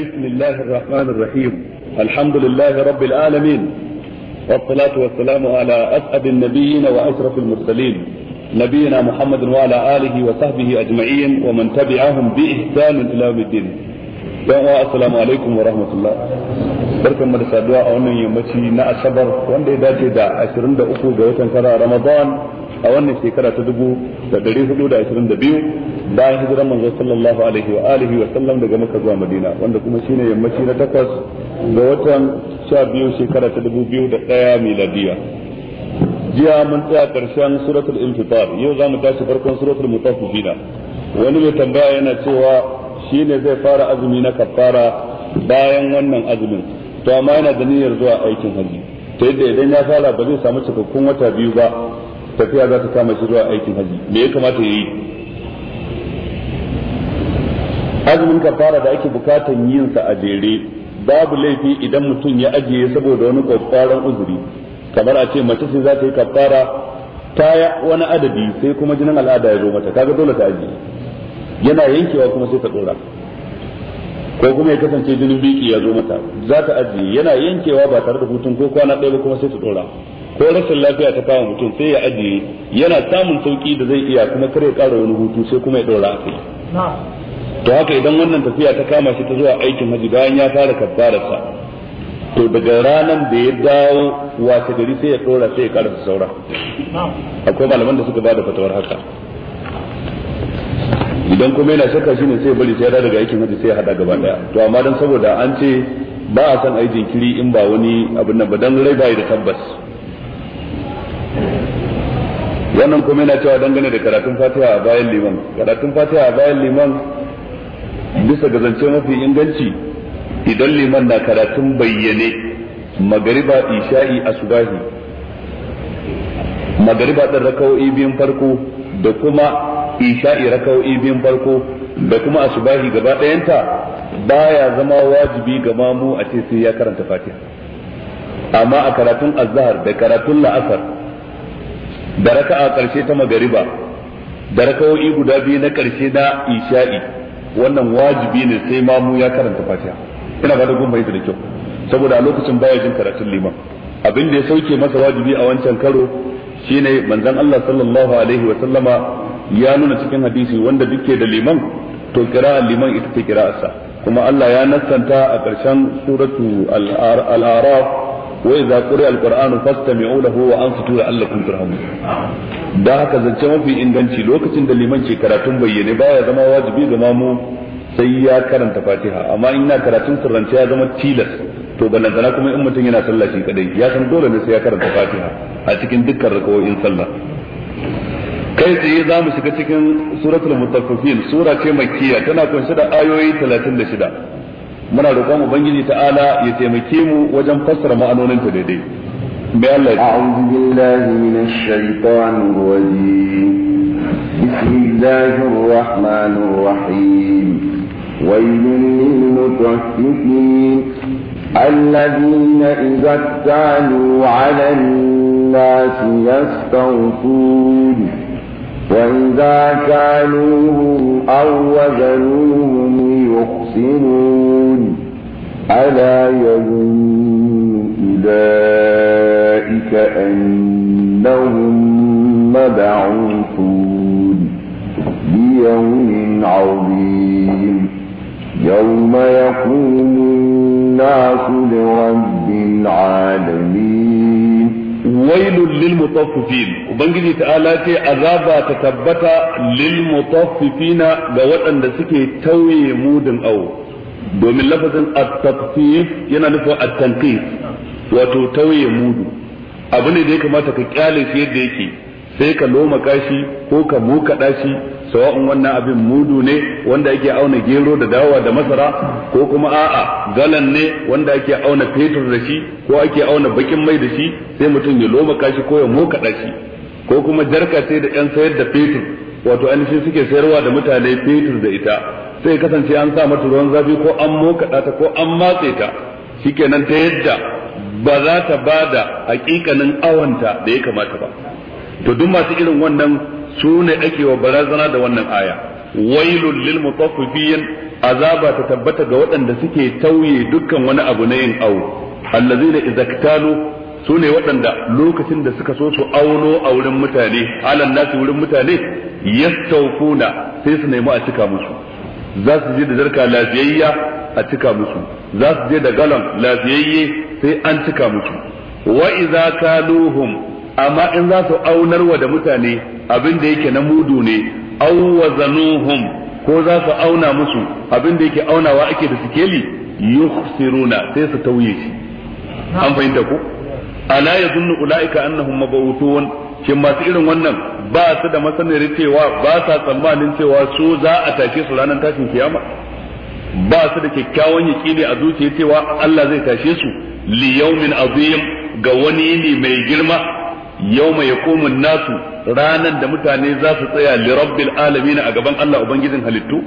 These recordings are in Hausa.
بسم الله الرحمن الرحيم الحمد لله رب العالمين والصلاة والسلام على أسعد النبيين وأشرف المرسلين نبينا محمد وعلى آله وصحبه أجمعين ومن تبعهم بإحسان إلى يوم الدين السلام عليكم ورحمة الله barkan mu da saduwa a wannan yammaci na asabar wanda ya dace da 23 ga watan tara ramadan a wannan shekara ta dubu da dari hudu da ashirin da biyu bayan hijiran manzo sallallahu alaihi wa alihi wa sallam daga maka zuwa madina wanda kuma shine yammaci na takwas ga watan sha biyu shekara ta dubu biyu da ɗaya miladiya jiya mun tsaya karshen suratul intifar yau za mu tashi farkon suratul mutafifina wani mai tambaya yana cewa shine zai fara azumi na kafara bayan wannan azumin to amma yana da niyyar zuwa aikin hajji ta yadda idan ya fara ba zai samu cikakkun wata biyu ba tafiya za ta kama shi zuwa aikin haji me ya kamata ya yi azumin kafara da ake bukatan yin sa a jere babu laifi idan mutum ya ajiye saboda wani kwakwaran uzuri kamar a ce mace sai za ta yi kafara ta wani adadi sai kuma jinin al'ada ya zo mata kaga dole ta ajiye yana yankewa kuma sai ta dora ko kuma ya kasance jinin biki ya zo mata za ta ajiye yana yankewa ba tare da hutun ko kwana ɗaya ba kuma sai ta dora ko rashin lafiya ta kama mutum sai ya ajiye yana samun sauki da zai iya kuma kare ƙara wani hutu sai kuma ya ɗora a to haka idan wannan tafiya ta kama shi ta zuwa aikin haji bayan ya fara kabbararsa to daga ranar da ya dawo wata gari sai ya ɗora sai ya ƙara saura akwai malaman da suka ba da fatawar haka idan kuma yana shakka shi ne sai bari sai ya daga aikin haji sai ya haɗa gaba ɗaya. to amma don saboda an ce ba a san aikin kiri in ba wani abin nan ba don rai bayi da tabbas wannan kuma yana cewa dangane da karatun fatiha a bayan liman karatun fatiha a bayan liman bisa ga zance mafi inganci idan liman na karatun bayyane magariba isha'i asubahi magariba din raka'o'i biyun farko da kuma isha'i raka'o'i biyun farko da kuma asubahi gaba ɗayanta baya zama wajibi ga mamu a ce sai ya karanta fatiha amma a karatun azhar da karatun la'asar da raka'a karshe ta magariba da raka'o'i guda biyu na karshe na isha'i wannan wajibi ne sai mamu ya karanta fatiha ina ba da gumma da kyau saboda a lokacin baya jin karatun liman abin da ya sauke masa wajibi a wancan karo shine manzon Allah sallallahu alaihi wa sallama ya nuna cikin hadisi wanda duke da liman to kira liman ita ta kira'arsa kuma Allah ya nassanta a ƙarshen suratu al-araf wa idza quri'a alqur'anu fastami'u lahu wa ansitu la'allakum turhamun da haka zance mafi inganci lokacin da liman ke karatun bayyane baya zama wajibi ga mamu sai ya karanta fatiha amma in na karatun sirrance ya zama tilas to balantana kuma in mutum yana sallah shi kadai ya san dole ne sai ya karanta fatiha a cikin dukkan rakawoyin sallah kai tsaye za mu shiga cikin suratul mutaffifin sura ce makkiya tana kunshe da ayoyi 36 muna roƙon ubangiji ta'ala ya taimake mu wajen fassara ma'anonin ta daidai mai Allah a'udhu billahi minash shaitanir rajim bismillahir rahmanir rahim waylun lil mutaffifin الذين إذا اكتالوا على الناس يستوفون وإذا كالوهم أو وزنوهم يحسنون ألا يظن أولئك أنهم مبعوثون ليوم عظيم يوم يقوم الناس لرب العالمين wailul lil mutaffifin ubangiji ta'ala ce azaba ta tabbata lil mutaffifina ga waɗanda suke tauye mudin awo domin lafazin at yana nufin at wato tauye mudu abu ne da ya kamata ka kyale shi yadda yake sai ka loma kashi ko ka muka dashi sawa'un wannan abin mudu ne wanda ake auna gero da dawa da masara ko kuma a'a galan ne wanda ake auna fetur da shi ko ake auna bakin mai da shi sai mutum ya loma kashi ko ya mokaɗa shi ko kuma jarka sai da yan sayar da fetur wato ainihin suke sayarwa da mutane fetur da ita sai kasance an sa mata ruwan zafi ko an moka ta ko an matse ta shikenan ta yadda ba za ta ba da hakikanin awanta da ya kamata ba to duk masu irin wannan su ne ake wa barazana da wannan aya wailul lil mutaffifin azaba ta tabbata ga waɗanda suke tauye dukkan wani abu na yin awo allazina izaktalu su ne waɗanda lokacin da suka so su auno a wurin mutane alan nasu wurin mutane yastaufuna sai su nemi a cika musu za su je da zarka lafiyayya a cika musu za su je da galan lafiyayye sai an cika musu wa idza kaluhum amma in za su aunarwa da mutane abin da yake na mudu ne aw wazanuhum ko za su auna musu abin da yake aunawa ake da sikeli yukhsiruna sai su tauye shi an fahimta ku ala yazunnu ulaika annahum mabawutun shin masu irin wannan ba su da masanin cewa ba sa tsammanin cewa su za a tashe su ranar tashin kiyama ba su da kyakkyawan ne a zuciya cewa Allah zai tashe su li yawmin azim ga wani ne mai girma yawma yaqumu nasu ranan da mutane za su tsaya li rabbil a gaban Allah ubangijin halittu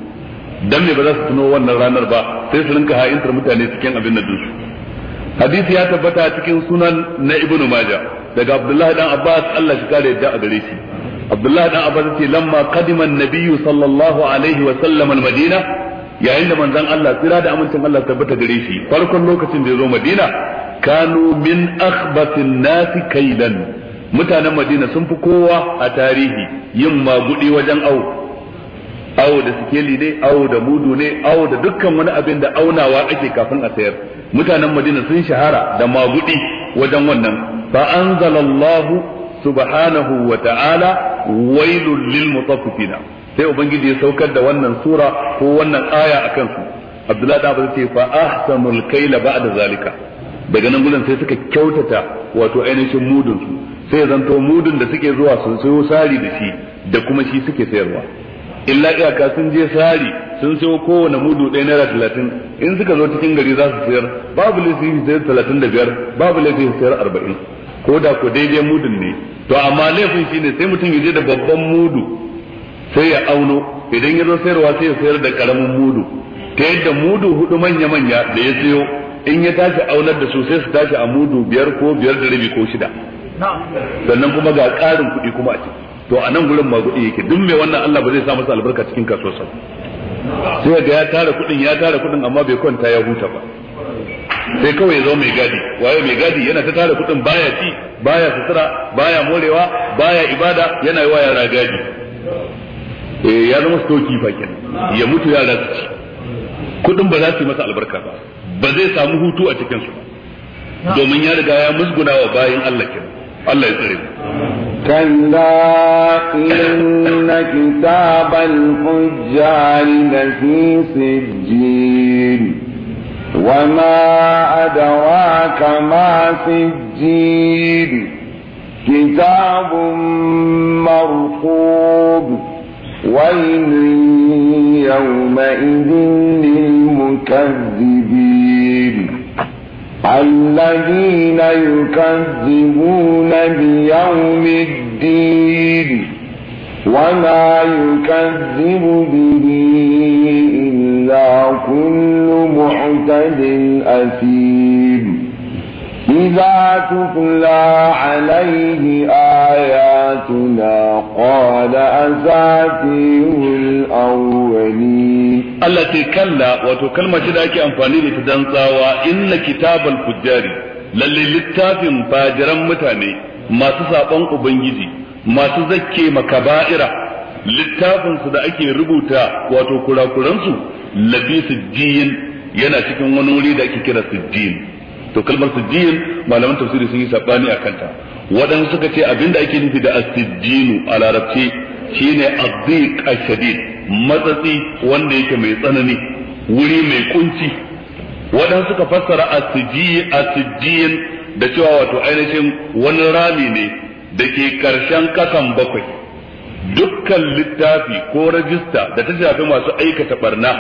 don me ba za su tuno wannan ranar ba sai su rinka ha'intar mutane cikin abin da dinsu hadisi ya tabbata cikin sunan na ibnu maja daga abdullahi dan abbas Allah shi kare a gare shi abdullahi dan abbas ce lamma qadima an-nabiyyu sallallahu alaihi wa sallam al-madina yayin da manzon Allah tsira da amincin Allah tabbata gare shi farkon lokacin da ya zo madina kanu min akhbasin nasi kailan mutanen madina sun fi kowa a tarihi yin magudi wajen au awo da sikeli ne awo da mudu ne awo da dukkan wani abin da aunawa ake kafin a sayar mutanen madina sun shahara da magudi wajen wannan fa anzalallahu subhanahu wa ta'ala wailul lil mutaffifin sai ubangiji ya saukar da wannan sura ko wannan aya akan su abdullahi da bazai ce fa ahsanul kayla ba'da zalika daga nan gudan sai suka kyautata wato ainihin mudun su sai zanto mudun da suke zuwa sun sayo sari da shi da kuma shi suke sayarwa illa iyaka sun je sari sun sayo kowane mudu ɗaya naira talatin in suka zo cikin gari za su sayar babu laifi su sayar talatin da biyar babu laifi su sayar arba'in ko da ko daidai mudun ne to amma laifin shi ne sai mutum ya je da babban mudu sai ya auno idan ya zo sayarwa sai ya sayar da karamin mudu ta yadda mudu hudu manya-manya da ya sayo in ya tashi aunar da su sai su tashi a mudu biyar ko biyar da rabi ko shida sannan kuma ga ƙarin kuɗi kuma a ciki to a nan gurin ma kuɗi yake duk mai wannan Allah ba zai sa masa albarka cikin kasuwarsa sai ga ya tara kuɗin ya tara kuɗin amma bai kwanta ya huta ba sai kawai ya zo mai gadi waye mai gadi yana ta tara kuɗin baya ci baya sutura baya morewa baya ibada yana yi wa yara gadi eh ya zama stoki fa ya mutu yara su ci kuɗin ba za su yi masa albarka ba ba zai samu hutu a cikin su domin ya riga ya musguna wa bayin Allah kenan Allah ya tsare mu kalla inna kitabal fujjar fi sijjin wa ma adraka ma sijjin كتاب مرقوب ويل يومئذ للمكذبين الذين يكذبون بيوم الدين وما يكذب به إلا كل معتد أثيم إذا تتلى عليه آياتنا قال أساتير الأولين التي كلا وتكلمة ذاك أنفاني لتدنسا وإن كتاب الفجار للي للتافن فاجرا متاني ما تساقن أبنجي ما تزكي مكبائرة littafinsu da ake rubuta wato kurakuransu labi sijjiyin yana cikin wani wuri da ake kira sijjiyin to kalmar sijjin malaman tafsiri sun yi sabani akan ta waɗansu suka ce abinda ake nufi da asijjinu a larabci shine azziq ashadid matsatsi wanda yake mai tsanani wuri mai kunci waɗansu suka fassara asijjin da cewa wato ainihin wani rami ne Dake karshen kasan bakwai dukkan littafi ko rajista da ta shafi masu aikata barna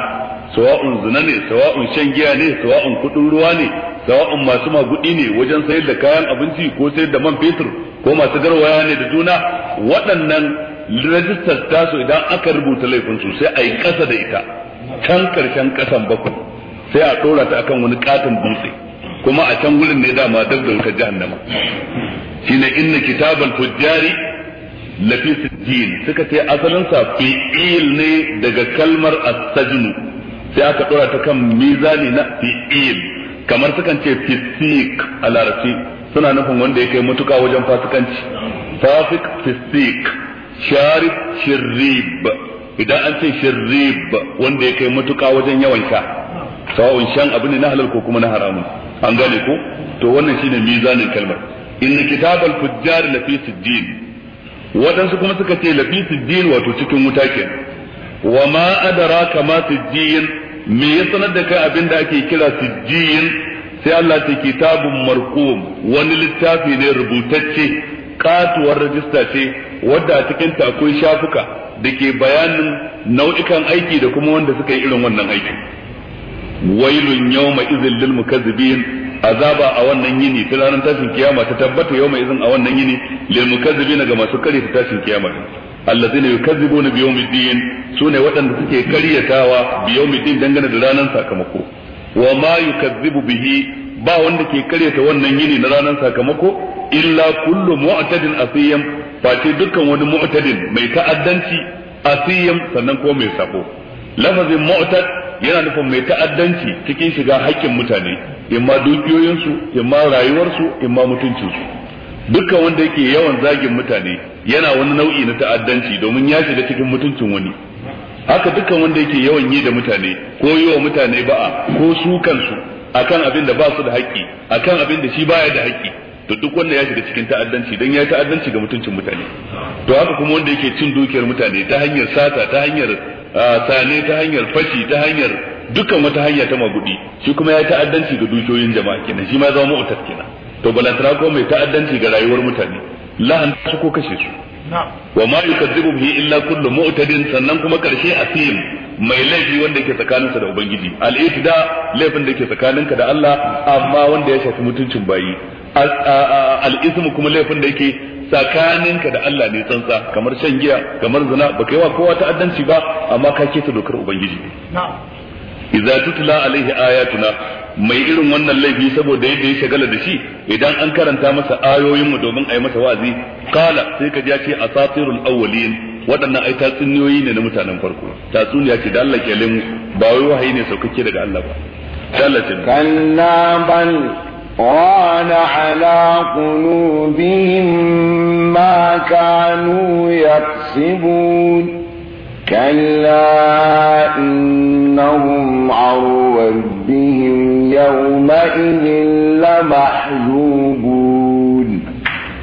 sawa'un zina ne sawa'un shan giya ne sawa'un kudin ruwa ne sawa'un masu magudi ne wajen sayar da kayan abinci ko sayar da man fetur ko masu garwaya ne da juna waɗannan rajistar tasu idan aka rubuta laifinsu sai a yi ƙasa da ita can ƙarshen ƙasan bakwai sai a ɗora ta akan wani ƙaton dutse kuma a can gurin ne dama dab da wutar jahannama shine inna kitabal fujjari lafi sijjin suka ce asalin sa fi'il ne daga kalmar as-sajnu sai aka ɗora ta kan mizani na fi'il kamar sukan ce fisik a larabci suna nufin wanda ya kai matuka wajen fasikanci fasik fisik sharib shirrib idan an ce shirrib wanda ya kai matuka wajen yawan sha sawa'un shan abu ne na halal ko kuma na haramun an gane ko to wannan shine mizanin kalmar inna kitabal fujjar lafi sijjin waɗansu kuma suka ce lafi sijjin wato cikin wuta ke. wa ma adraka ma sijjin me ya sanar da kai abin da ake kira sijjiyin sai Allah ta kitabun marqum wani littafi ne rubutacce katuwar rajista ce wadda a cikin ta akwai shafuka da ke bayanin nau'ikan aiki da kuma wanda suka yi irin wannan aiki wailun yawma izin lil mukazzibin azaba a wannan yini ta ranar tashin kiyama ta tabbata yawma izin a wannan yini lil mukazzibin ga masu kare ta tashin kiyama allazina yukazzibuna bi yawmiddin sune waɗanda suke karyatawa bi yawmiddin dangane da ranar sakamako wa ma yukazzibu bihi ba wanda ke karyata wannan yini na ranar sakamako illa kullu mu'tadin asiyam fati dukkan wani mu'tadin mai ta'addanci asiyam sannan ko mai sako lafazin mu'tad yana nufin mai ta'addanci cikin shiga haƙƙin mutane imma dukiyoyinsu imma rayuwarsu imma mutuncinsu dukkan wanda yake yawan zagin mutane yana wani nau'i na ta'addanci domin ya shiga cikin mutuncin wani haka dukkan wanda yake yawan yi da mutane ko yi wa mutane ba'a ko su kansu akan abin da ba su da haƙƙi akan abin da shi baya da haƙƙi to duk wanda ya shiga cikin ta'addanci dan ya ta'addanci ga mutuncin mutane to haka kuma wanda yake cin dukiyar mutane ta hanyar sata ta hanyar sane ta hanyar fashi ta hanyar dukkan wata hanya ta magudi shi kuma ya ta'addanci ga dukiyoyin jama'a kenan shi ma zama mu'tad to balantana ko mai ta'addanci ga rayuwar mutane la'an su ko kashe su wa ma yukadzibu bihi illa kullu mu'tadin sannan kuma karshe asim mai laifi wanda yake tsakaninsa da ubangiji al-itida laifin da yake tsakaninka da Allah amma wanda ya shafi mutuncin bayi al ism kuma laifin da yake tsakaninka da Allah ne tsantsa kamar shan giya kamar zina baka yi wa kowa ta'addanci ba amma ka keta dokar ubangiji idza tutla alaihi ayatuna mai irin wannan laifi saboda yadda ya shagala da shi idan an karanta masa ayoyin mu domin a yi masa wazi kala sai ka ji a ce asatirul awwalin waɗannan ai tatsuniyoyi ne na mutanen farko tatsuniya ce da Allah ke lemu ba wai wahayi ne saukake daga Allah ba kalla ban wana ala qulubihim ma kanu yaksibun كلا إنهم عن ربهم يومئذ لمحجوبون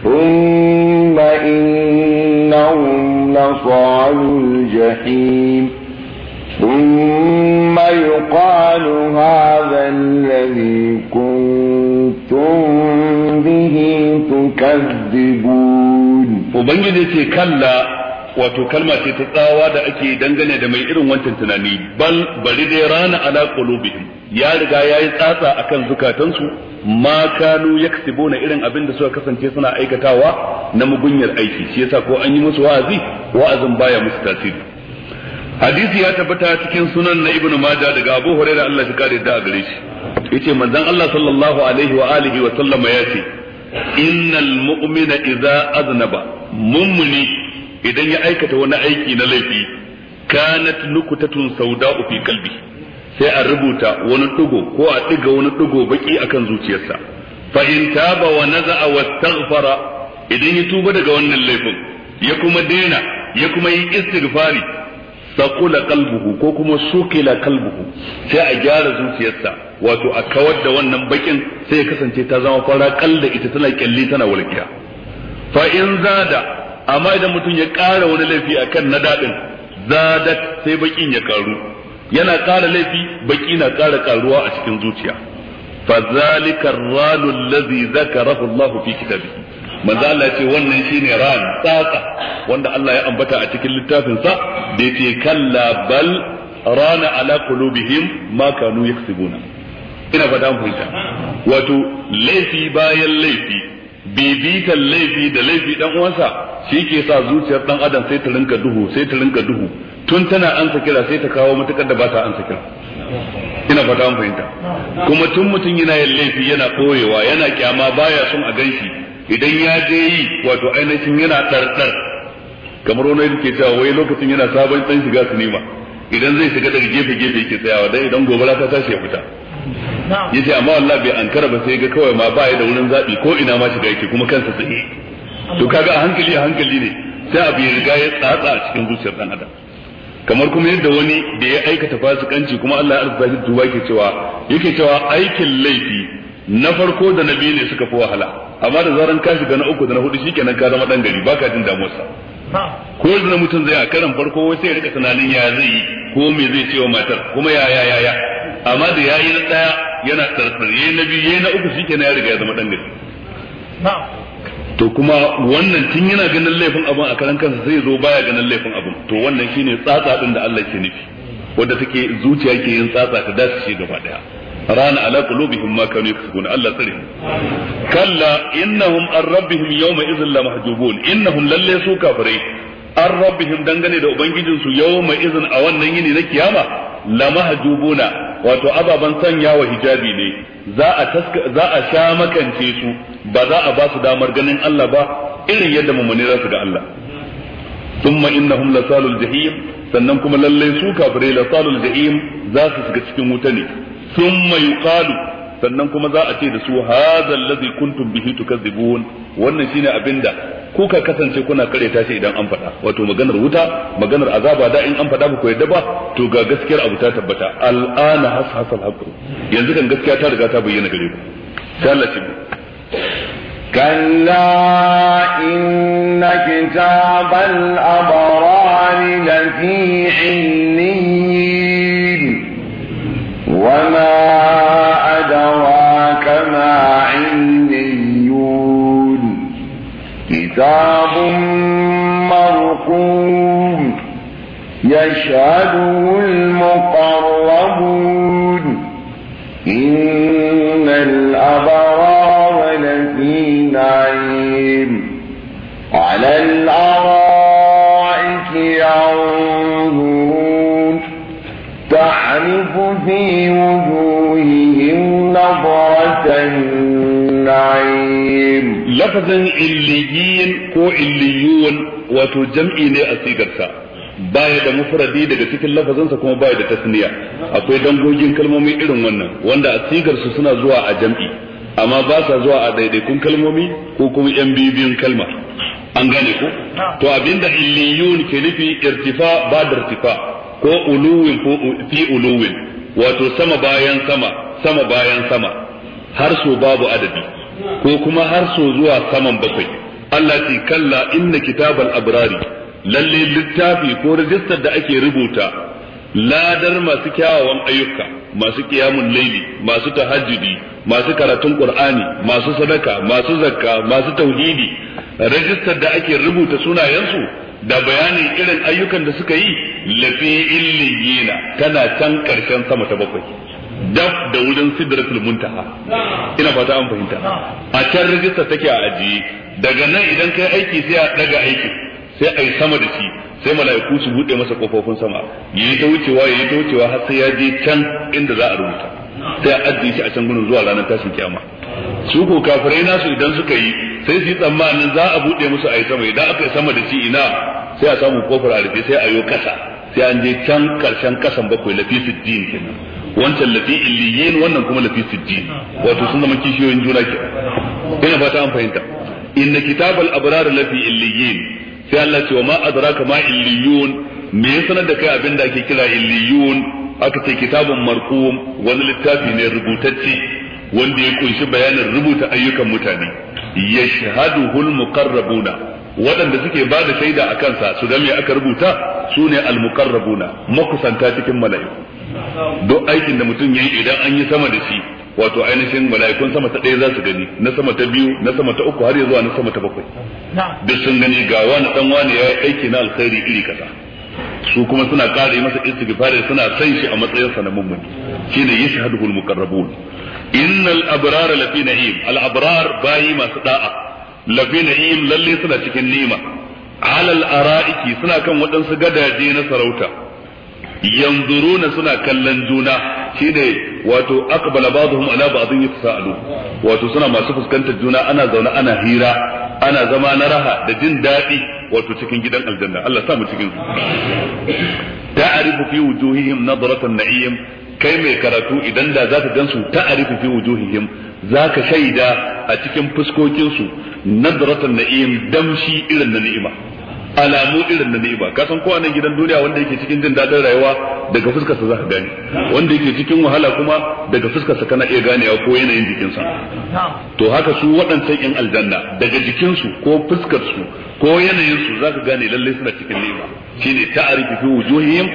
ثم إنهم لصال الجحيم ثم يقال هذا الذي كنتم به تكذبون وبنجد كلا wato kalma ce ta tsawa da ake dangane da mai irin wancan tunani bal bari dai rana ala qulubihim ya riga yayi tsatsa akan zukatansu ma kanu yaksibuna irin abin da suka kasance suna aikatawa na mugunyar aiki shi yasa ko an yi musu wa'azi wa'azin baya musu tasiri hadisi ya tabbata cikin sunan na ibnu majah daga abu hurairah Allah ya kare da gare shi yace manzon Allah sallallahu alaihi wa alihi wa sallama yace innal mu'mina idza aznaba mumuni idan ya aikata wani aiki na laifi kanat nukutatun sauda'u fi kalbi sai a rubuta wani dugo ko a diga wani dugo baki akan zuciyarsa fa in taba wa naza'a wastaghfara idan ya tuba daga wannan laifin ya kuma daina ya kuma yi istighfari saqula qalbuhu ko kuma sukila qalbuhu sai a gyara zuciyarsa wato a kawar da wannan bakin sai ya kasance ta zama fara kalla ita tana kyalli tana walƙiya. fa in zada amma idan mutum ya ƙara wani laifi a kan na daɗin zadat sai baƙin ya ƙaru. yana ƙara laifi baƙi na ƙara ƙaruwa a cikin zuciya fa zalika lazi allazi zakarahu Allah fi kitabi manzo Allah ce wannan shine ran tsatsa wanda Allah ya ambata a cikin littafin sa da yake kalla bal rana ala qulubihim ma kanu yaksibuna ina fada mun wato laifi bayan laifi kan laifi da laifi dan uwansa shi ke sa zuciyar dan adam sai ta rinka duhu sai ta rinka duhu tun tana ansa kira sai ta kawo matukar da ba ta ansa kira ina fata an fahimta kuma tun mutum yana yin laifi yana koyewa yana kyama baya son a ganshi idan ya je yi wato ainihin yana tsartsar kamar wani yake cewa wai lokacin yana sabon dan shiga sinima idan zai shiga daga gefe gefe ke tsayawa dan idan gobara ta tashi ya fita yace amma wallahi bai ankara ba sai ga kawai ma ba ya da wurin zabi ko ina ma shiga yake kuma kansa tsaye to kaga a hankali a hankali ne sai abu ya riga ya tsatsa a cikin zuciyar dan adam kamar kuma yadda wani da ya aikata fasikanci kuma Allah ya arzuta shi duba yake cewa yake cewa aikin laifi na farko da na biyu ne suka fi wahala amma da zaran ka shiga na uku da na hudu shikenan ka zama dan gari baka jin sa ko da mutum zai a karan farko wai sai ya rika tunanin ya zai yi ko me zai ce wa matar kuma ya ya ya ya amma da yayi na daya yana tsartsar yayi na biyu yayi na uku shikenan ya riga ya zama dan gari to kuma wannan tun yana ganin laifin abun a karan kansa sai zo baya ganin laifin abun. to wannan shine tsatsa din da Allah ke nufi wanda take zuciya ke yin tsatsa ta dace shi gaba daya rana ala qulubihim ma kanu yaksubun Allah tsare kalla innahum an rabbihim yawma idhil la mahjubun innahum lalle su kafirai an rabbihim dangane da ubangijinsu su yawma idhin a wannan yini na kiyama la mahjubuna wato ababan sanya wa hijabi ne za a za a sha makance su ba za a ba su damar ganin Allah ba irin yadda mummuni za su ga Allah thumma innahum lasalul jahim sannan kuma lalle su kafirai lasalul jahim za su shiga cikin wuta ne thumma yuqalu sannan kuma za a ce da su hadha allazi kuntum bihi tukazzibun wannan shine abinda ka kasance kuna kareta shi idan an faɗa wato maganar wuta maganar azaba da in an faɗa ba ku yadda ba to ga gaskiyar abu ta tabbata al'ana hashasal haqqu yanzu kan gaskiya ta riga ta bayyana gare ku sai Allah ce كلا إن كتاب الأبرار لفي كتاب مرقوم يشهده المقربون إن الأبرار لفي نعيم على الأرائك ينظرون تعرف في lafazin illiyin ko illiyun wato jam'i ne a sigarsa baya da mufradi daga cikin lafazinsa kuma baya da tasniya akwai dangogin kalmomi irin wannan wanda a sigarsu suna zuwa a jam'i amma ba sa zuwa a daidaikun kalmomi ko kuma yan bibiyun kalma an gane ko to abinda illiyun ke nufi irtifa ba da irtifa ko uluwin ko fi uluwin wato sama bayan sama sama bayan sama har so babu adadi ko kuma har so zuwa saman bakwai Allah ce kalla inna kitabal abrari lalle littafi ko rajistar da ake rubuta ladar masu kyawawan ayyuka masu kiyamun laili masu tahajjudi masu karatun qur'ani masu sadaka masu zakka masu tauhidi rajistar da ake rubuta sunayensu da bayanin irin ayyukan da suka yi lafi illiyina tana can karshen sama ta bakwai daf da wurin sidratul muntaha ina fata an fahimta a can rijista take a ajiye daga nan idan kai aiki sai a daga aikin sai a yi sama da shi sai mala'iku su bude masa kofofin sama yi ta wucewa yi ta wucewa har sai ya je can inda za a rubuta sai a ajiye shi a can gudun zuwa ranar tashin kyama su ko kafirai nasu idan suka yi sai su yi tsammanin za a bude musu a yi sama idan aka yi sama da shi ina sai a samu kofar a rufe sai a yo kasa sai an je can karshen kasan bakwai lafi din kenan wancan lafi illiyin wannan kuma lafi sijjin wato sun zama kishiyoyin juna ke ina fata an fahimta inna kitabal abrar lafi illiyin sai Allah ce wa ma adraka ma illiyun me ya sanar da kai abin da ake kira illiyun aka ce kitabun marqum wani littafi ne rubutacce wanda ya kunshi bayanin rubuta ayyukan mutane yashhaduhul muqarrabuna waɗanda suke ba da shaida a kansa su da me aka rubuta su ne almuqarrabuna makusanta cikin mala'iku duk aikin da mutum ya yi idan an yi sama da shi wato ainihin mala'ikun sama ta ɗaya za su gani na sama ta biyu na sama ta uku har zuwa na sama ta bakwai duk sun gani ga wani ɗan wani yi aiki na alkhairi iri kaza su kuma suna ƙara masa istighfari suna san shi a matsayin sa na mummuni shine yashhaduhul muqarrabun innal abrar lafi na'im al abrar bayi masu da'a lafi na'im lalle suna cikin ni'ima alal ara'iki suna kan waɗansu gadaje na sarauta yanzuruna suna kallon juna shine wato aqbala ba'dhum ala ba'dhin yatasaalu wato suna masu fuskantar juna ana zaune ana hira ana zama na raha da jin daɗi wato cikin gidan aljanna Allah sa mu cikin su ta'rifu fi wujuhihim nadratan na'im kai mai karatu idan da zaka gansu ta'rifu fi wujuhihim zaka shaida a cikin fuskokin su nadratan na'im damshi irin na ni'ima alamu irin na ni'ima ka san kowa nan gidan duniya wanda yake cikin jin dadin rayuwa daga fuskar sa zaka gane wanda yake cikin wahala kuma daga fuskar sa kana iya ganewa ko yanayin jikin sa to haka su waɗancan in aljanna daga jikin su ko fuskar su ko yanayin su zaka gane lalle suna cikin ni'ima shine ta'arifu fi wujuhihim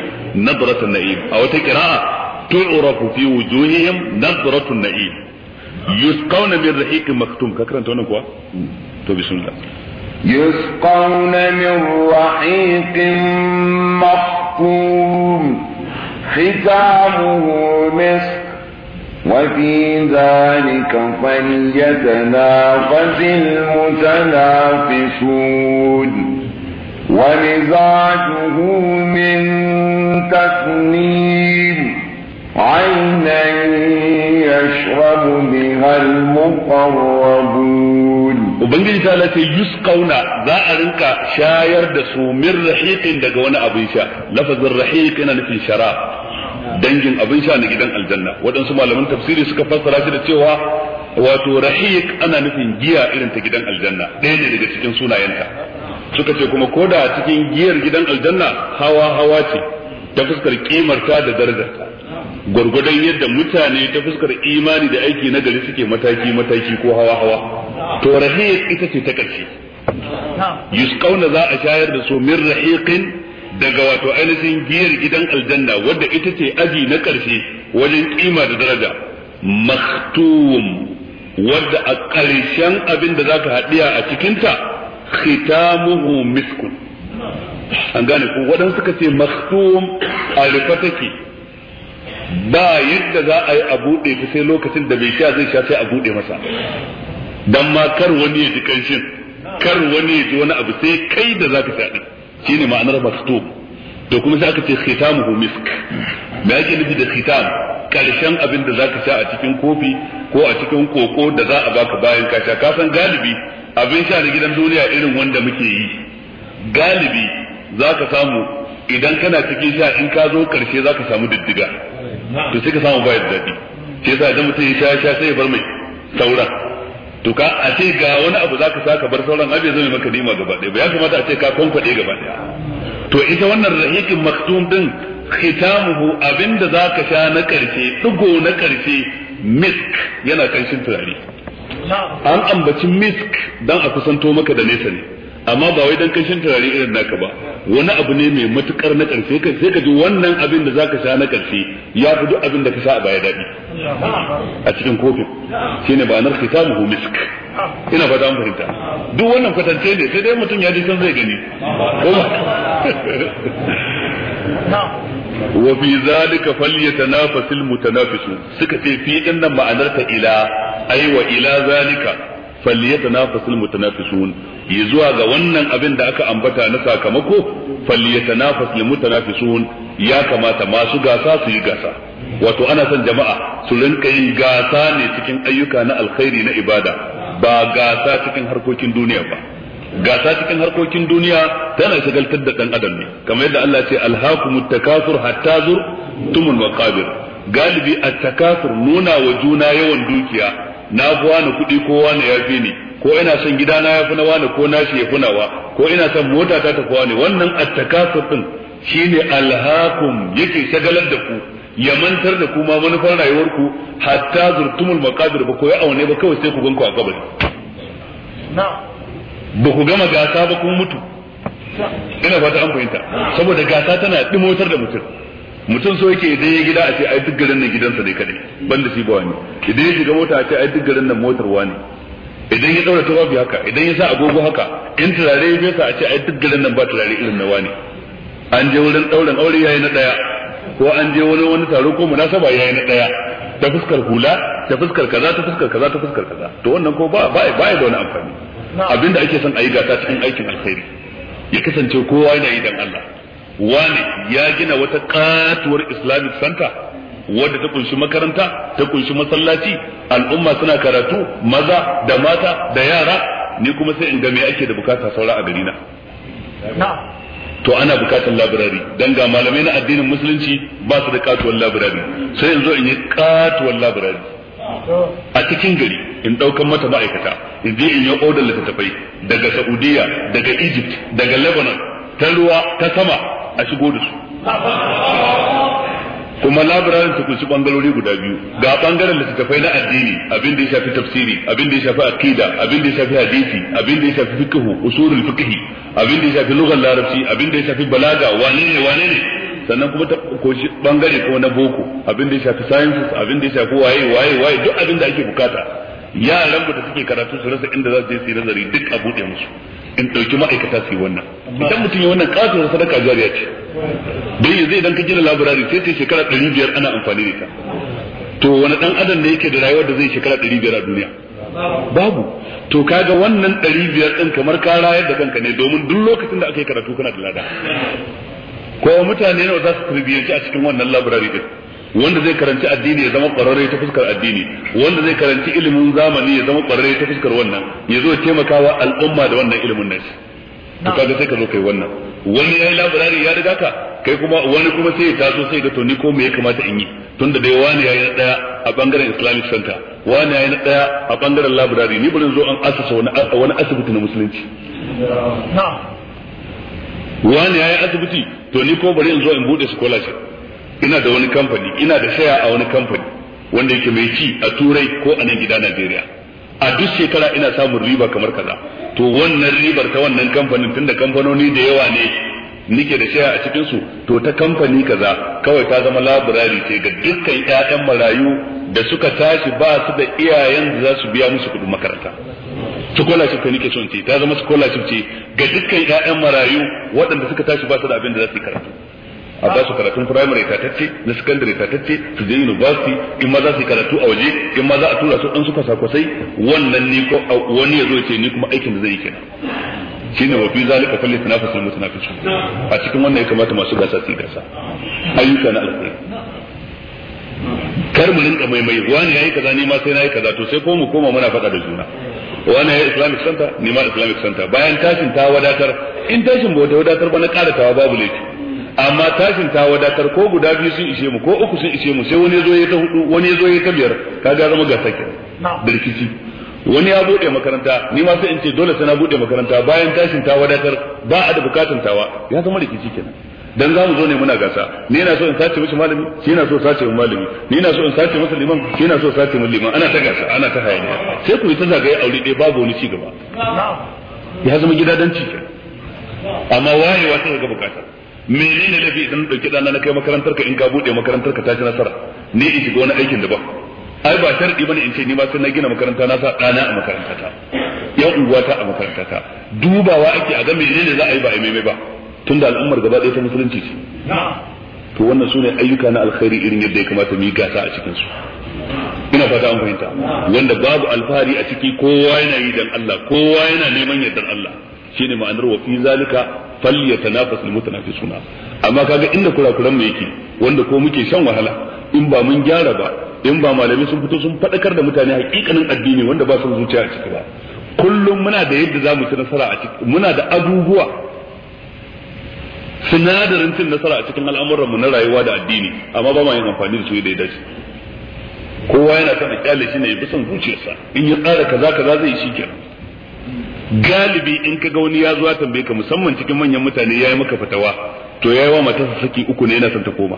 nadratun na'im a wata qira'a tu'rafu fi wujuhihim nadratun na'im yusqawna min rahiqin maktum ka karanta wannan kuwa to bismillah يسقون من رحيق مختوم ختامه مسك وفي ذلك فليتنافس المتنافسون ومزاجه من تسنيم عينا يشرب بها المقربون ubangiji ta lace yuskauna za a rinka shayar da su min rahiqin daga wani abin sha lafazin rahiq yana nufin shara. dangin abin sha na gidan aljanna waɗansu malaman tafsiri suka fassara shi da cewa wato rahiq ana nufin giya irin ta gidan aljanna ɗaya ne daga cikin sunayenta suka ce kuma koda cikin giyar gidan aljanna hawa hawa ce ta fuskar kimarta da darajarta gwargwadon yadda mutane ta fuskar imani da aiki na gari suke mataki mataki ko hawa hawa to rahiq ita ce ta ƙarshe yusqauna za a shayar da su min rahiqin daga wato ainihin giyar gidan aljanna wadda ita ce aji na ƙarshe wajen kima da daraja maktum wadda a ƙarshen abin da za zaka haɗiya a cikinta khitamuhu miskun an gane ko waɗansu suka ce maktum a rufe take ba yadda za a yi a buɗe ta sai lokacin da bai sha zai sha sai a buɗe masa dan ma kar wani ya ji kanshin kar wani ya ji wani abu sai kai da za ka sha Shi ne ma'anar maktub to kuma sai aka ce khitamuhu misk me yake nufi da khitam karshen abin da za ka sha a cikin kofi ko a cikin koko da za a baka bayan ka sha ka san galibi abin sha na gidan duniya irin wanda muke yi galibi za ka samu idan kana cikin sha in ka zo karshe za ka samu diddiga to sai ka samu bayar daɗi sai yasa idan mutum ya sha sha sai ya bar mai sauran to ka a ce ga wani abu zaka ka bar sauran abin zai maka nima gaba ɗaya ba ya kamata a ce ka kwankwaɗe gaba ɗaya to ita wannan rahikin maktum din khitamuhu abinda za ka sha na karshe digo na karshe misk yana kanshin turare an ambaci misk dan a kusanto maka da nesa ne amma ba wai dan kashin turare irin naka ba wani abu ne mai matukar na karfe kai sai ka ji wannan abin da zaka sha na karfe ya fi duk abin da ka sha a baya daɗi a cikin kofin shine ba nar kitabuhu misk ina fata an fahimta duk wannan kwatance ne sai dai mutum ya ji san zai gani wa fi zalika falyatanafasil mutanafisun suka ce fi dinnan ma'anar ta ila ai wa ila zalika falyatanafasul mutanafisun yi zuwa ga wannan abin da aka ambata na sakamako falyatanafasul mutanafisun ya kamata masu gasa su yi gasa wato ana son jama'a su rinka yin gasa ne cikin ayyuka na alkhairi na ibada ba gasa cikin harkokin duniya ba gasa cikin harkokin duniya tana shagaltar da dan adam ne kamar yadda Allah ce alhaakumut takasur hatta zurtumul maqabir galibi at-takasur nuna wa juna yawan dukiya na fi wani kuɗi ko wani ya fi ni ko ina son gida na ya fi na wani ko shi ya fi nawa ko ina son mota ta tafi wani wannan attakasur din shine alhakum yake shagalar da ku ya mantar da ku ma manufar rayuwar ku hatta zurtumul maqadir ba ko ya aune ba kawai sai ku ganku a kabari ba ku gama gasa ba kun mutu ina fata an fahimta saboda gasa tana dimotar da mutum mutum so yake idan ya gida a ce ai duk garin nan gidansa ne kadai ban da shi ba wani idan ya shiga mota a ce ai duk garin nan motar wani idan ya daura tawafi haka idan ya sa agogo haka in turare ya fesa a ce ai duk garin nan ba turare irin na wani an je wurin dauran aure yayi na daya ko an je wani wani taro ko munasaba yayi na daya ta fuskar hula ta fuskar kaza ta fuskar kaza ta fuskar kaza to wannan ko ba ba ba da wani amfani abinda ake son ayi gata cikin aikin alkhairi ya kasance kowa yana yi dan Allah wani ya gina wata katuwar islamic center wadda ta kunshi makaranta ta kunshi masallaci al'umma suna karatu maza da mata da yara ni kuma sai in ga me ake da bukata saura a gari na to ana bukatar labirari dan ga malamai na addinin musulunci ba su da katuwar labirari sai in zo in yi katuwar labirari a cikin gari in ɗaukan mata ma'aikata in je in yi odar littattafai daga saudiya daga egypt daga lebanon ta ruwa ta sama a shigo da su kuma labirarin su kunshi bangarori guda biyu ga bangaren littattafai na addini abin da ya shafi tafsiri abin da ya shafi aqida abin da ya shafi hadisi abin da ya shafi fiqh usulul fiqh abin da ya shafi lughar larabci abin da ya shafi balaga wane ne wane ne sannan kuma ta kunshi bangare kuma na boko abin da ya shafi sciences abin da ya shafi waye waye waye duk abin da ake bukata yaran da suke karatu su rasa inda za su je su nazari duk a bude musu in ɗauki ma'aikata su yi wannan idan mutum ya wannan kafin sadaka jariya ce don yanzu idan ka gina laburari sai ce shekara ɗari biyar ana amfani da ita to wani ɗan adam da yake da rayuwar da zai shekara ɗari biyar a duniya babu to kaga wannan ɗari biyar ɗin kamar ka rayar da kanka ne domin duk lokacin da aka yi karatu kana da lada ko mutane nawa za su tarbiyyanci a cikin wannan laburari ɗin wanda zai karanci addini ya zama kwararre ta fuskar addini wanda zai karanci ilimin zamani ya zama kwararre ta fuskar wannan ya zo taimakawa al'umma da wannan ilimin nashi to kaga sai ka zo kai wannan wani yayi labarari ya riga ka kai kuma wani kuma sai ya taso sai ga to ni ko me ya kamata in yi tunda dai wani yayi na daya a bangaren Islamic Center wani yayi na daya a bangaren labarari ni bari zo an asasa wani wani asibiti na musulunci na'am wani yayi asibiti to ni ko bari in zo in bude scholarship ina da wani kamfani ina da shaya a wani kamfani wanda yake mai ci a turai ko a nan gida najeriya a duk shekara ina samun riba kamar kaza to wannan ribar ta wannan kamfanin tunda kamfanoni da yawa ne nike da shaya a cikin su to ta kamfani kaza kawai ta zama laburari ce ga dukkan ƴaƴan marayu da suka tashi ba su da iyayen da za su biya musu kuɗin makaranta scholarship ka nike son ta zama scholarship ce ga dukkan ƴaƴan marayu waɗanda suka tashi ba su da abin da za su yi karatu a ba su karatun primary tatacce na secondary tatacce su je university in ma za su karatu a waje in ma za a tura su in suka kwasai wannan ni ko wani ya zo ya ce ni kuma aikin da zai yi kenan shine wa fi zalika falli tanafasul mutanafisun a cikin wannan ya kamata masu gasa su gasa ayyuka na alkhairi kar mu rinka mai mai wani yayi kaza ni ma sai nayi kaza to sai ko mu koma muna faɗa da juna wani yi islamic center ni ma islamic center bayan tashin ta wadatar in tashin ba wadatar ba na karatawa babu laifi amma tashin ta wadatar ko guda biyu sun ishe mu ko uku sun ishe mu sai wani ya zo ya ta hudu wani ya zo ya ta biyar kaga zama gasa sake birkici wani ya bude makaranta ni ma sai in ce dole sai na bude makaranta bayan tashin ta wadatar ba a da bukatun tawa ya zama rikici kenan dan zamu zo ne muna gasa ni na so in sace mishi malami shi na so sace min malami ni na so in sace masa liman shi na so sace min liman ana ta gasa ana ta hayaniya sai ku yi ta zagaye aure ɗaya babu wani cigaba ya zama gidadanci cike. amma wayewa sai ga bukatar menene lafi idan dauki dana na kai makarantar ka in ka bude makarantar ka ta ci nasara ni in shiga wani aikin daban ai ba sharɗi bane in ce ni ma sai na gina makaranta na sa dana a makaranta ta yan unguwa ta a makaranta ta dubawa ake a ga menene za a yi ba a mai ba tunda al'ummar gaba ɗaya ta musulunci ce to wannan sune ayyuka na alkhairi irin yadda ya kamata mu yi gasa a cikin su ina fata an fahimta wanda babu alfahari a ciki kowa yana yi dan Allah kowa yana neman yardan Allah shine ma'anar wa fi zalika fi suna amma kaga inda kurakuran mu yake wanda ko muke shan wahala in ba mun gyara ba in ba malamai sun fito sun faɗakar da mutane hakikanin addini wanda ba su zuciya a ciki ba kullum muna da yadda za mu ci nasara a ciki muna da abubuwa sinadarin cin nasara a cikin al'amuranmu na rayuwa da addini amma ba ma yin amfani da su yadda ya dace kowa yana son a kyale shi ne ya fi son zuciyarsa in ya tsara kaza kaza zai shi kenan galibi in ka ga wani ya zuwa tambaye ka musamman cikin manyan mutane ya yi maka fatawa to ya yi wa matarsa saki uku ne yana son ta koma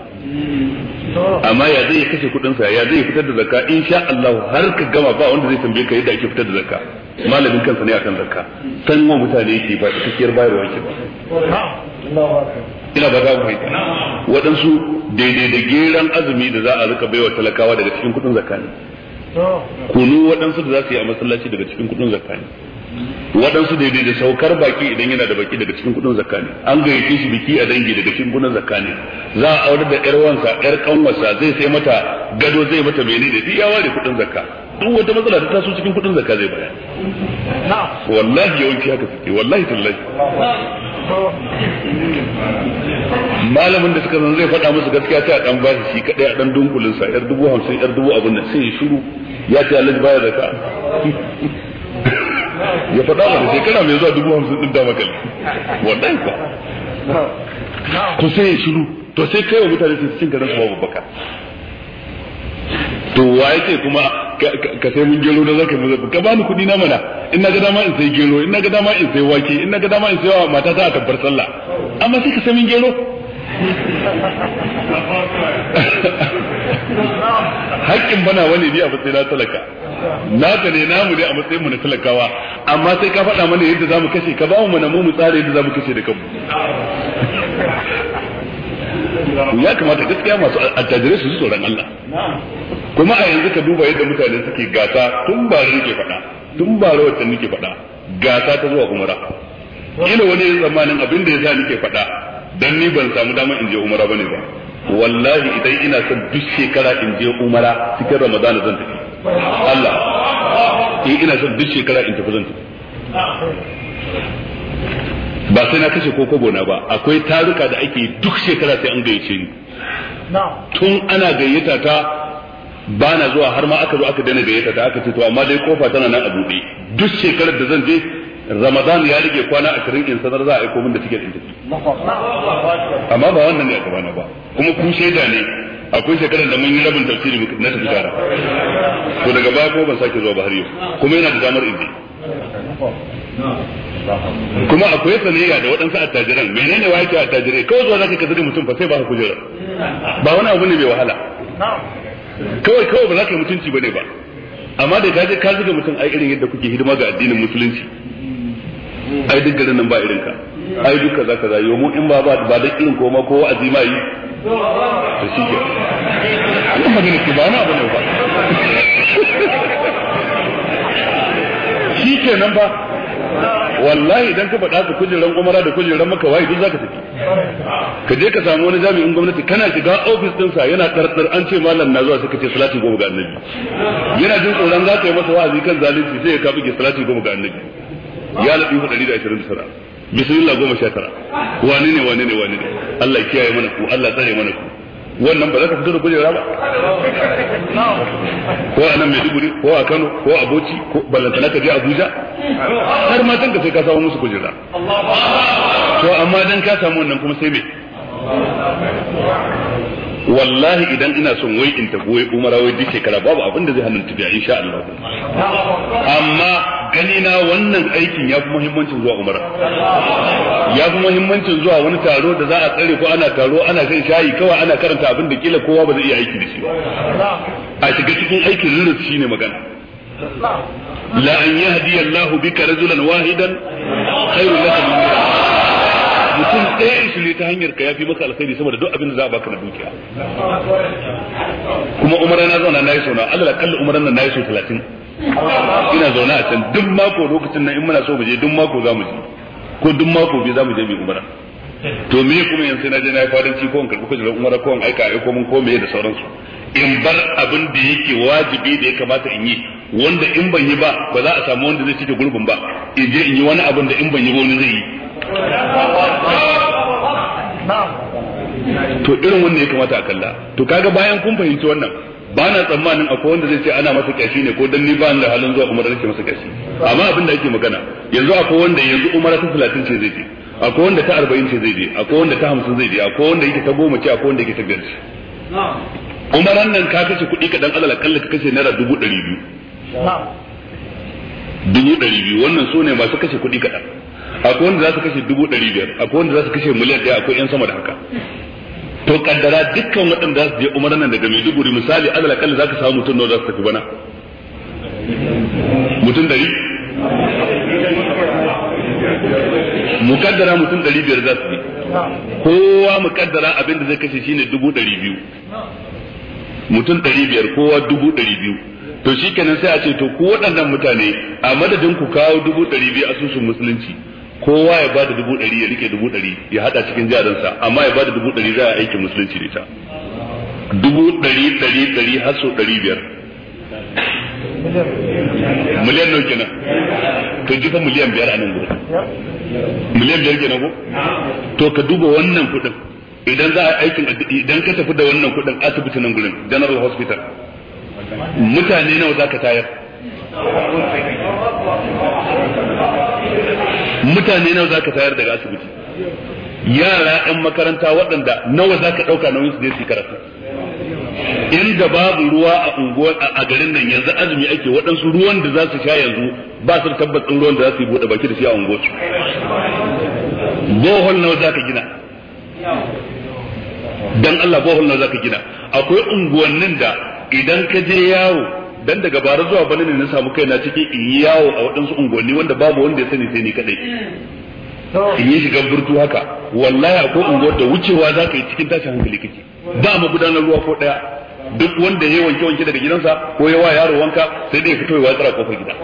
amma ya zai kashe sa ya zai fitar da zakka in sha Allah har ka gama ba wanda zai tambaye ka yadda ake fitar da zakka malamin kansa ne akan zakka san wa mutane yake ba cikakkiyar bayarwa yake ba ina ba za mu haita waɗansu daidai da geran azumi da za a rika baiwa talakawa daga cikin kudin zakka ne kunu waɗansu da za su yi a masallaci daga cikin kudin zakka ne waɗansu daidai da saukar baki idan yana da baki daga cikin kudin zakka ne an gayyace shi biki a dangi daga cikin kudin zakka ne za a aure da ƴar wansa ƴar kanwarsa zai sai mata gado zai mata mene da duk ya ware kudin zakka duk wata matsala ta taso cikin kudin zakka zai bayar wallahi yawanci haka suke wallahi tallahi malamin da suka zan zai faɗa musu gaskiya ta dan ba shi kadai a dan dunkulin sa yar dubu hamsin yar dubu abin nan sai ya shiru ya ce Allah baya zakka ya faɗa mana shekara mai zuwa dubu hamsin ɗin da makali wallahi ba to sai ya shiru to sai kai wa mutane su cin garin babu baka to waye ce kuma ka sai mun gero da zaka mu ka bani kuɗi na mana in na ga dama in sai gero in na ga dama in sai wake in na ga dama in sai wa mata ta tabbar sallah amma sai ka sai mun gero haƙƙin bana wani ne a matsayin talaka naka ne namu ne a matsayin mu na talakawa amma sai ka faɗa mana yadda zamu kashe ka ba mu mana mu tsare tsara yadda zamu kashe da kanmu ya kamata gaskiya masu attajirai su ji tsoron Allah kuma a yanzu ka duba yadda mutane suke gasa tun ba da nake faɗa tun ba da wacce nake faɗa gasa ta zuwa umara Ina wani yin zamanin abin da ya sa nake faɗa dan ni ban samu damar in je umara bane ba wallahi idan ina son duk shekara in je umara cikin ramadana zan tafi Allah in eh, ina son duk shekara in tafi zan ba sai na kashe ko kobo na ba akwai taruka da ake duk shekara sai an gayyace ni tun ana gayyata ta ba na zuwa har ma aka zo aka daina gayyata ta aka ce to amma dai kofa tana nan a buɗe duk shekarar da zan je Ramadan ya rage kwana a karin in sanar za a aiko min da tiket din tafi amma ba wannan ne a gabana ba kuma kun shaida ne akwai shekarar da mun yi rabin tafsiri na tafi tara to daga baya kuma ban sake zuwa ba har yau kuma yana da damar inji kuma akwai sanayya da waɗansu attajiran menene wa yake attajirai kawai zuwa zaka kasar mutum fa sai ba ka kujera ba wani abu ne mai wahala kawai kawai ba za ka yi mutunci ne ba amma da ka je ka zuga mutum ai irin yadda kuke hidima ga addinin musulunci ai duk garin nan ba irin ka ai duk kaza kaza yau mu in ba ba da irin koma ko wa'azi ma yi da shi ke ana magana ki ba na ne ba shi ke nan ba wallahi idan ka faɗa ka kujeran gwamara da kujeran maka waye duk zaka tafi ka je ka samu wani jami'in gwamnati kana shiga ofis ɗinsa yana tsartsar an ce malam na zuwa suka ce salati goma ga annabi yana jin tsoron za ka yi masa wa'azi kan zalunci sai ya kafa ke salati goma ga annabi ya laɗi 129 bismillah goma sha tara wane ne wane ne wane ne Allah kiyaye mana ku Allah tsare mana ku wannan ba za ka fito da kujera ba ko a nan Maiduguri ko a Kano ko a Bauchi ko ballantana ka je Abuja har ma dan ka sai ka samu musu kujera to amma dan ka samu wannan kuma sai me wallahi idan ina son wai in tafi wai umara wai duk shekara babu abin da zai hannun tafiya insha Allah amma gani na wannan aikin ya fi muhimmancin zuwa umara ya fi muhimmancin zuwa wani taro da za a tsare ko ana taro ana shan shayi kawai ana karanta abin da kila kowa ba zai iya aiki da shi ba a shiga cikin aikin rurrus shine magana la an yahdi Allah bika rajulan wahidan khairul lak min mutum ɗaya ya shirye ta hanyar ka ya fi maka alkhairi saboda duk abin da za a baka na dukiya kuma Umar na zauna na yi sau na Allah kalli umaran nan na yi sau talatin ina zauna a can duk mako lokacin nan in muna so mu je duk mako za mu je ko duk mako biyu za mu je mu umara to me kuma yanzu na je na yi fadanci ko in karɓi kujerar umar ko in aika aiko mun ko me da sauransu in bar abin da yake wajibi da ya kamata in yi wanda in ban yi ba ba za a samu wanda zai cike gurbin ba in je in yi wani abin da in ban yi ba wani zai yi to irin wanda ya kamata a kalla to kaga bayan kun fahimci wannan ba na tsammanin akwai wanda zai ce ana masa kyashi ne ko dan ni ba da halin zuwa umara zai masa kyashi amma abin da ake magana yanzu akwai wanda yanzu umara ta 30 ce zai je akwai wanda ta 40 ce zai je akwai wanda ta 50 zai je akwai wanda yake ta goma ce akwai wanda yake ta biyar umaran nan ka kashe kuɗi kaɗan alal kalla ka kashe naira dubu ɗari biyu dubu ɗari biyu wannan su ne masu kashe kuɗi kaɗan akwai wanda za su kashe dubu ɗari biyar akwai wanda za su kashe miliyan ɗaya akwai 'yan sama da haka to kaddara dukkan waɗanda za su je umar nan daga maiduguri misali alal akalla za ka samu mutum nawa za su tafi bana mutum ɗari Mu kaddara mutum ɗari biyar za su je kowa kaddara abin da zai kashe shine dubu ɗari biyu mutum ɗari biyar kowa dubu ɗari biyu to shi kenan sai a ce to ku waɗannan mutane a madadin ku kawo dubu ɗari biyu asusun musulunci kowa ya bada dubu ɗari ya rike dubu ɗari ya hada cikin jaransa amma ya bada dubu ɗari za a aikin musulunci da ita dubu ɗari ɗari ɗari har sau ɗari biyar miliyan nau kenan to jifa miliyan biyar a nan gudu miliyan biyar kenan ko to ka duba wannan kuɗin idan za a aikin idan ka tafi da wannan kuɗin asibiti nan gurin general hospital mutane nawa za ka tayar mutane nawa zaka tayar daga asibiti yara yan makaranta waɗanda nawa zaka ɗauka nauyin su je su karatu inda babu ruwa a unguwar a garin nan yanzu azumi ake waɗansu ruwan da za su sha yanzu ba su tabbatin ruwan da za su yi buɗe baki da shi a unguwar bohol nawa ka gina dan Allah bohol nawa za ka gina akwai unguwannin da idan ka je yawo dan daga bara zuwa bana ne na samu kaina cikin in yi yawo a waɗansu unguwanni wanda babu wanda ya sani sai ni kadai in yi shigar burtu haka wallahi akwai unguwar da wucewa za ka yi cikin tashin hankali kake ba mu gudanar ruwa ko ɗaya duk wanda ya wanke wanke daga gidansa ko ya wa yaro wanka sai dai fito ya watsara kofar gida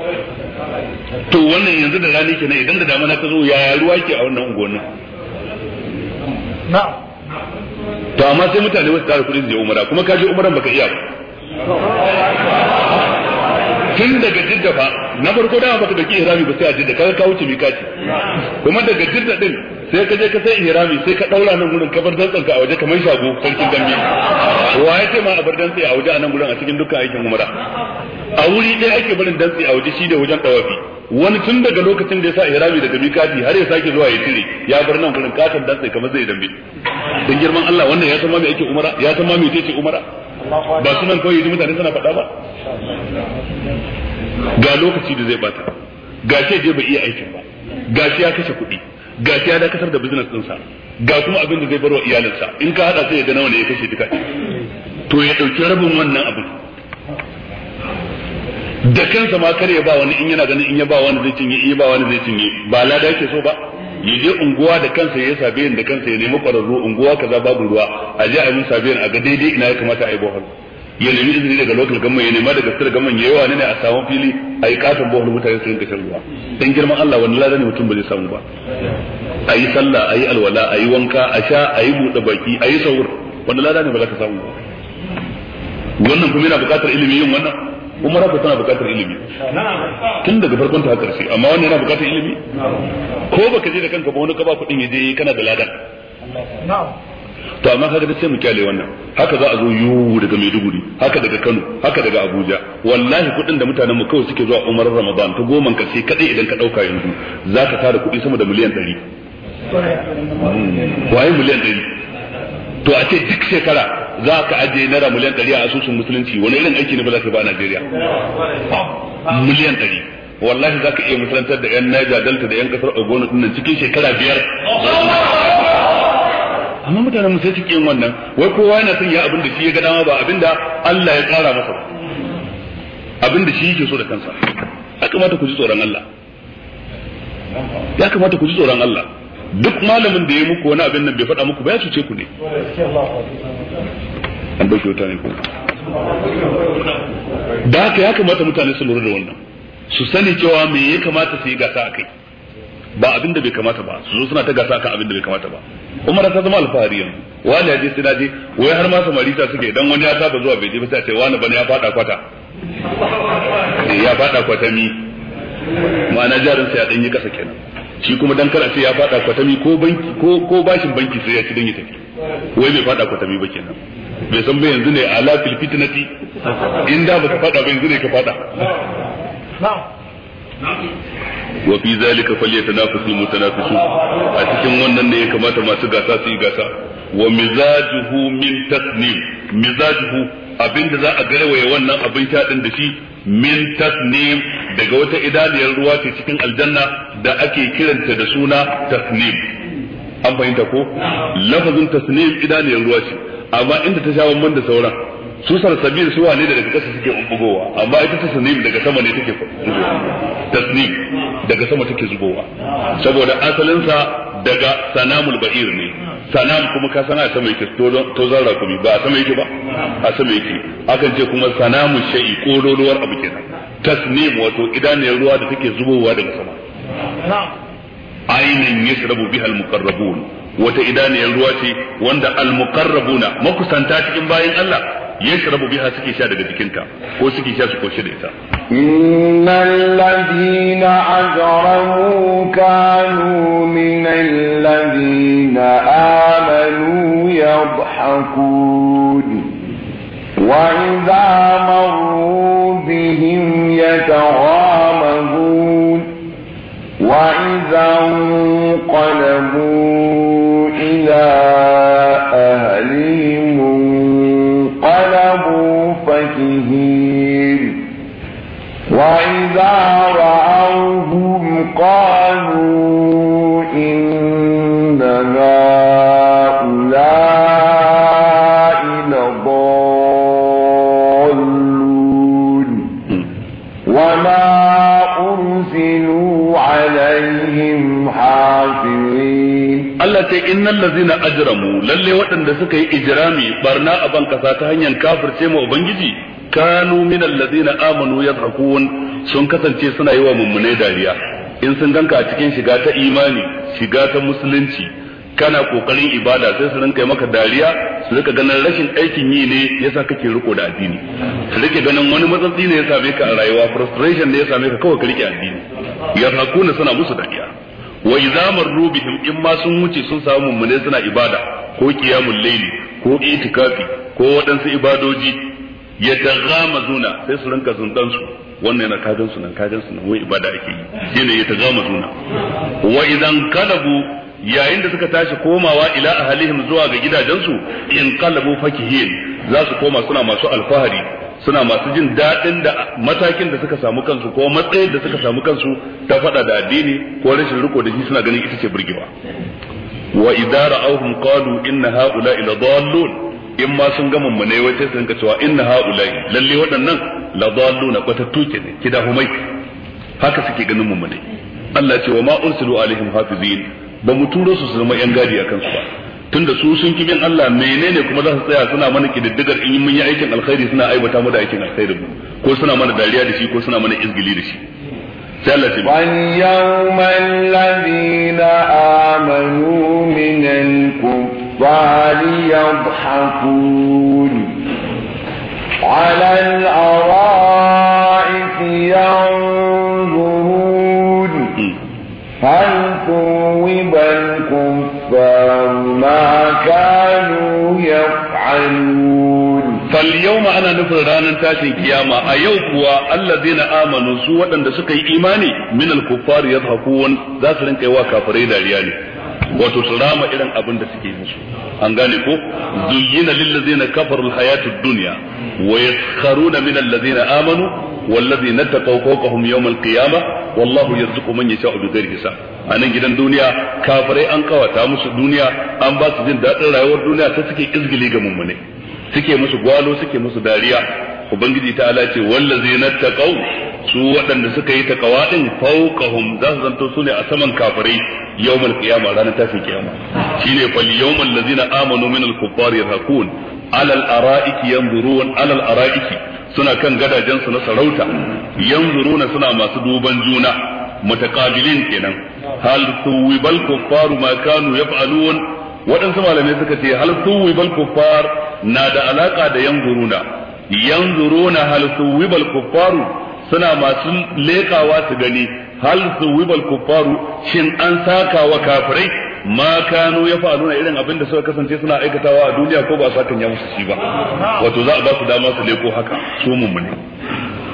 to wannan yanzu da rani kenan idan da damana ka zo yaya ruwa ke a wannan unguwannin na'am to amma sai mutane wasu tsara kudin su je umara kuma ka je umaran baka iya ba tun daga jidda fa na farko da baka dauki ihrami ba sai a jidda kaga ka wuce mikati kuma daga jidda din sai ka je ka sai ihrami sai ka daura nan gurin kabar dantsan ka a waje kamar shago sarkin dambe. wa ya ce ma a bar dantsi a waje a nan gurin a cikin dukkan aikin umra a wuri ɗaya ake barin dantsi a waje shi da wajen tawafi wani tun daga lokacin da ya sa ihrami daga mikati har ya sake zuwa ya tire ya bar nan gurin katon dantsi kamar zai dambe dan girman Allah wannan ya san ma me ake umra ya san ma me yake umra ba nan kawai yanzu mutane suna faɗa ba ga lokaci da zai bata ga shi je bai iya aikin ba ga shi ya kashe kuɗi ga shi ya dakatar da business ɗinsa ga kuma abin da zai barwa iyalinsa in ka haɗa sai ya ga nawa ne ya kashe duka to ya ɗauki rabin wannan abin da kansa ma kar ya ba wani in yana ganin in ya ba wani zai cinye in ya ba wani zai cinye ba lada yake so ba ya je unguwa da kansa ya sabiyan da kansa ya nemi kwararru unguwa kaza babu ruwa a je a yi sabiyan a ga daidai ina ya kamata a yi bohol ya nemi izini daga lokal gamman ya nema daga sir gamman yayi wani ne a samu fili a yi katon bohol mutane su rinka shan ruwa dan girman Allah wani ne mutum ba zai samu ba a yi sallah a yi alwala a yi wanka a sha a yi buɗe baki a yi sahur wani ladan ne ba za ka samu ba wannan kuma yana buƙatar ilimi yin wannan umar haka tana bukatar ilimi tun daga farkon ta karshe amma wannan yana bukatar ilimi ko baka je da kanka ba wani ka ba kuɗin ya je kana da ladan to amma kaga sai mu kyale wannan haka za a zo yu daga Maiduguri haka daga Kano haka daga Abuja wallahi kuɗin da mutanen mu kawai suke zuwa Umar Ramadan ta goman ka sai kadai idan ka dauka yanzu za ka tara kuɗi sama da miliyan 100 hmm. waye miliyan 100 to a ce duk shekara za ka ajiye naira miliyan ɗari a asusun musulunci wani irin aiki ne ba za ka ba a Najeriya miliyan ɗari wallahi za ka iya musulantar da 'yan Niger Delta da 'yan kasar Ogun din nan cikin shekara biyar amma mutanen mu sai yin wannan wai kowa yana son ya abin da shi ya ga dama ba abin da Allah ya tsara masa Abinda abin da shi yake so da kansa ya kamata ku ji tsoron Allah ya kamata ku ji tsoron Allah duk malamin da ya muku wani abin nan bai faɗa muku ba ya cuce ku ne an dauke wuta ne ko da haka ya kamata mutane su lura da wannan su sani cewa me ya kamata su yi gasa a kai ba abin da bai kamata ba su zo suna ta gasa kan abin da bai kamata ba umar ta zama alfahari yanzu wani ya je sai je wai har ma samari ta suke dan wani ya saba zuwa bai je ba sai ce wani bane ya fada kwata eh, ya fada kwata mi ma'ana jarin sai ya dan yi kasa kenan shi kuma dan kada sai ya fada kwata mi ko banki ko ko bashin banki sai ya ci dan ya tafi wai bai fada kwata mi ba kenan bai san bai yanzu ne a fil fitnati in da ba ka fada ba yanzu ne ka fada wa fi zalika falyatanafasu mutanafisu a cikin wannan ne ya kamata masu gasa su yi gasa wa mizajuhu min tasnim mizajuhu abinda za a garewaye wannan abin sha din da shi min tasnim daga wata idaniyar ruwa ce cikin aljanna da ake kiranta da suna tasnim an fahimta ko lafazin tasnim idaniyar ruwa ce amma inda ta sha bamban da sauran su sarsabil su wane daga kasa suke umbugowa amma ita ta sanim daga sama ne take tasnim daga sama take zubowa saboda asalinsa daga sanamul ba'ir ne sanam kuma ka sana ta mai ke to zarra kuma ba a sama yake ba a sama yake akan ce kuma sanamul shay'i ko ruwar abu kenan tasnim wato idaniyar ruwa da take zubowa daga sama ainin yashrabu bihal muqarrabun wata idaniyar ruwa ce wanda almuqarrabuna makusanta cikin bayan Allah yashrabu biha suke sha daga jikinta ko suke sha su koshi da ita innal ladina ajramu kanu min alladina amanu yadhhakun wa idha marru bihim yataghamazun wa idha qalamu أهلهم انقلبوا فكهين وإذا In ce innal ladzina ajramu lalle waɗanda suka yi ijrami barna a ban kasa ta hanyar kafirce ma ubangiji kanu minal ladzina amanu yadhakun sun kasance suna yi wa mummunai dariya in sun ganka a cikin shiga ta imani shiga ta musulunci kana kokarin ibada sai su rinka maka dariya su rika ganin rashin aikin yi ne yasa kake riko da addini su rike ganin wani matsatsi ne ya same ka a rayuwa frustration ne ya same ka kawai ka rike addini ya hakuna suna musu dariya wa idza marru bihim in ma sun wuce sun samu ne suna ibada ko qiyamul layli ko itikafi ko waɗansu ibadoji ya tagama sai su rinka zundan su wannan yana kagan su nan kagan su nan wai ibada ake yi ne ya tagama zuna wa idan kalabu yayin da suka tashi komawa ila ahalihim zuwa ga gidajensu in kalabu fakihin za su koma suna masu alfahari suna masu jin daɗin da matakin da suka samu kansu ko matsayin da suka samu kansu ta faɗa da addini ko rashin riko da shi suna ganin ita ce burgewa wa idara ra'awhum qalu inna haula ila dallun in ma sun ga mummune wace sun ga cewa inna haula lalle waɗannan la dalluna kwata tuke ne kida humai haka suke ganin mummune Allah ce wa ma ursilu alaihim hafizin ba mu turo su su zama yan gadi akan su ba tunda su sun ki bin Allah menene kuma za su tsaya suna mana kididdigar in mun yi aikin alkhairi suna aiwata mu da aikin alkhairi mu ko suna mana dariya da shi ko suna mana izgili da shi sai Allah ce وَيَوْمَ الَّذِينَ آمَنُوا مِنَ الْكُفَّارِ ala al الْأَرَائِكِ fal yawma ana nufin ranar tashin kiyama a yau kuwa Allah allazina amanu su waɗanda suka yi imani min al kuffar yadhakun za su rinka yi wa kafirai dariya ne wato su rama irin abin da suke yi an gane ko zuyyina lil ladzina kafaru al hayatud dunya wa yaskharuna min allazina amanu والذين اتقوا فوقهم يوم القيامة والله يرزق من يشاء بغير حساب anan gidan duniya kafarai an kawata musu duniya an basu jin daɗin rayuwar duniya ta suke izgili ga mummune suke musu gwalo suke musu dariya ubangiji ta ala ce wallazina taqaw su waɗanda suka yi taqawa din fawqahum za su zanto su ne a saman kafirai yawmal qiyama ranar tashin kiyama shine fal yawmal ladzina amanu minal kuffar yarhaqun alal ara'iki yanzurun alal ara'iki suna kan gadajen su na sarauta yanzuruna suna masu duban juna mutaqabilin kenan hal tuwibal kuffaru ma kanu yaf'alun waɗansu malamai suka ce hal bal kuffar na da alaka da yanzuruna yanzuruna hal bal kuffaru suna masu lekawa su gani hal bal kuffaru shin an saka wa kafirai ma kanu ya faru na irin abin da suka kasance suna aikatawa a duniya ko ba sa kan ya musu shi ba wato za a ba su dama su leko haka su mun ne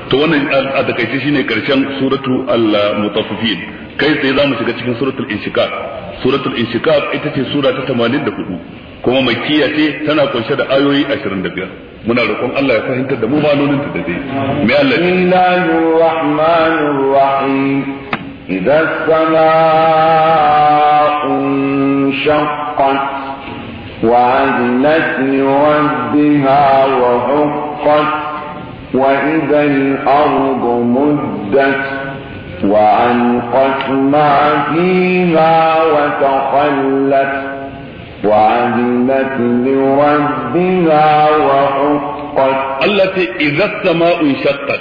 to wannan a takaice shine karshen suratu al-mutaffifin kai tsaye za mu shiga cikin suratul inshiqaq suratul inshiqaq ita ce sura ta 84 kuma makkiya ce tana kunshe da ayoyi 25 muna roƙon Allah ya fahimtar da mu ma'anonin ta dai mai Allah Bismillahir Rahmanir Rahim idza as-samaa'u shaqqat wa 'adnat li rabbiha wa huqqat wa idza وعنقت ما فيها وتخلت وعلمت لربها وحقت التي إذا السماء انشقت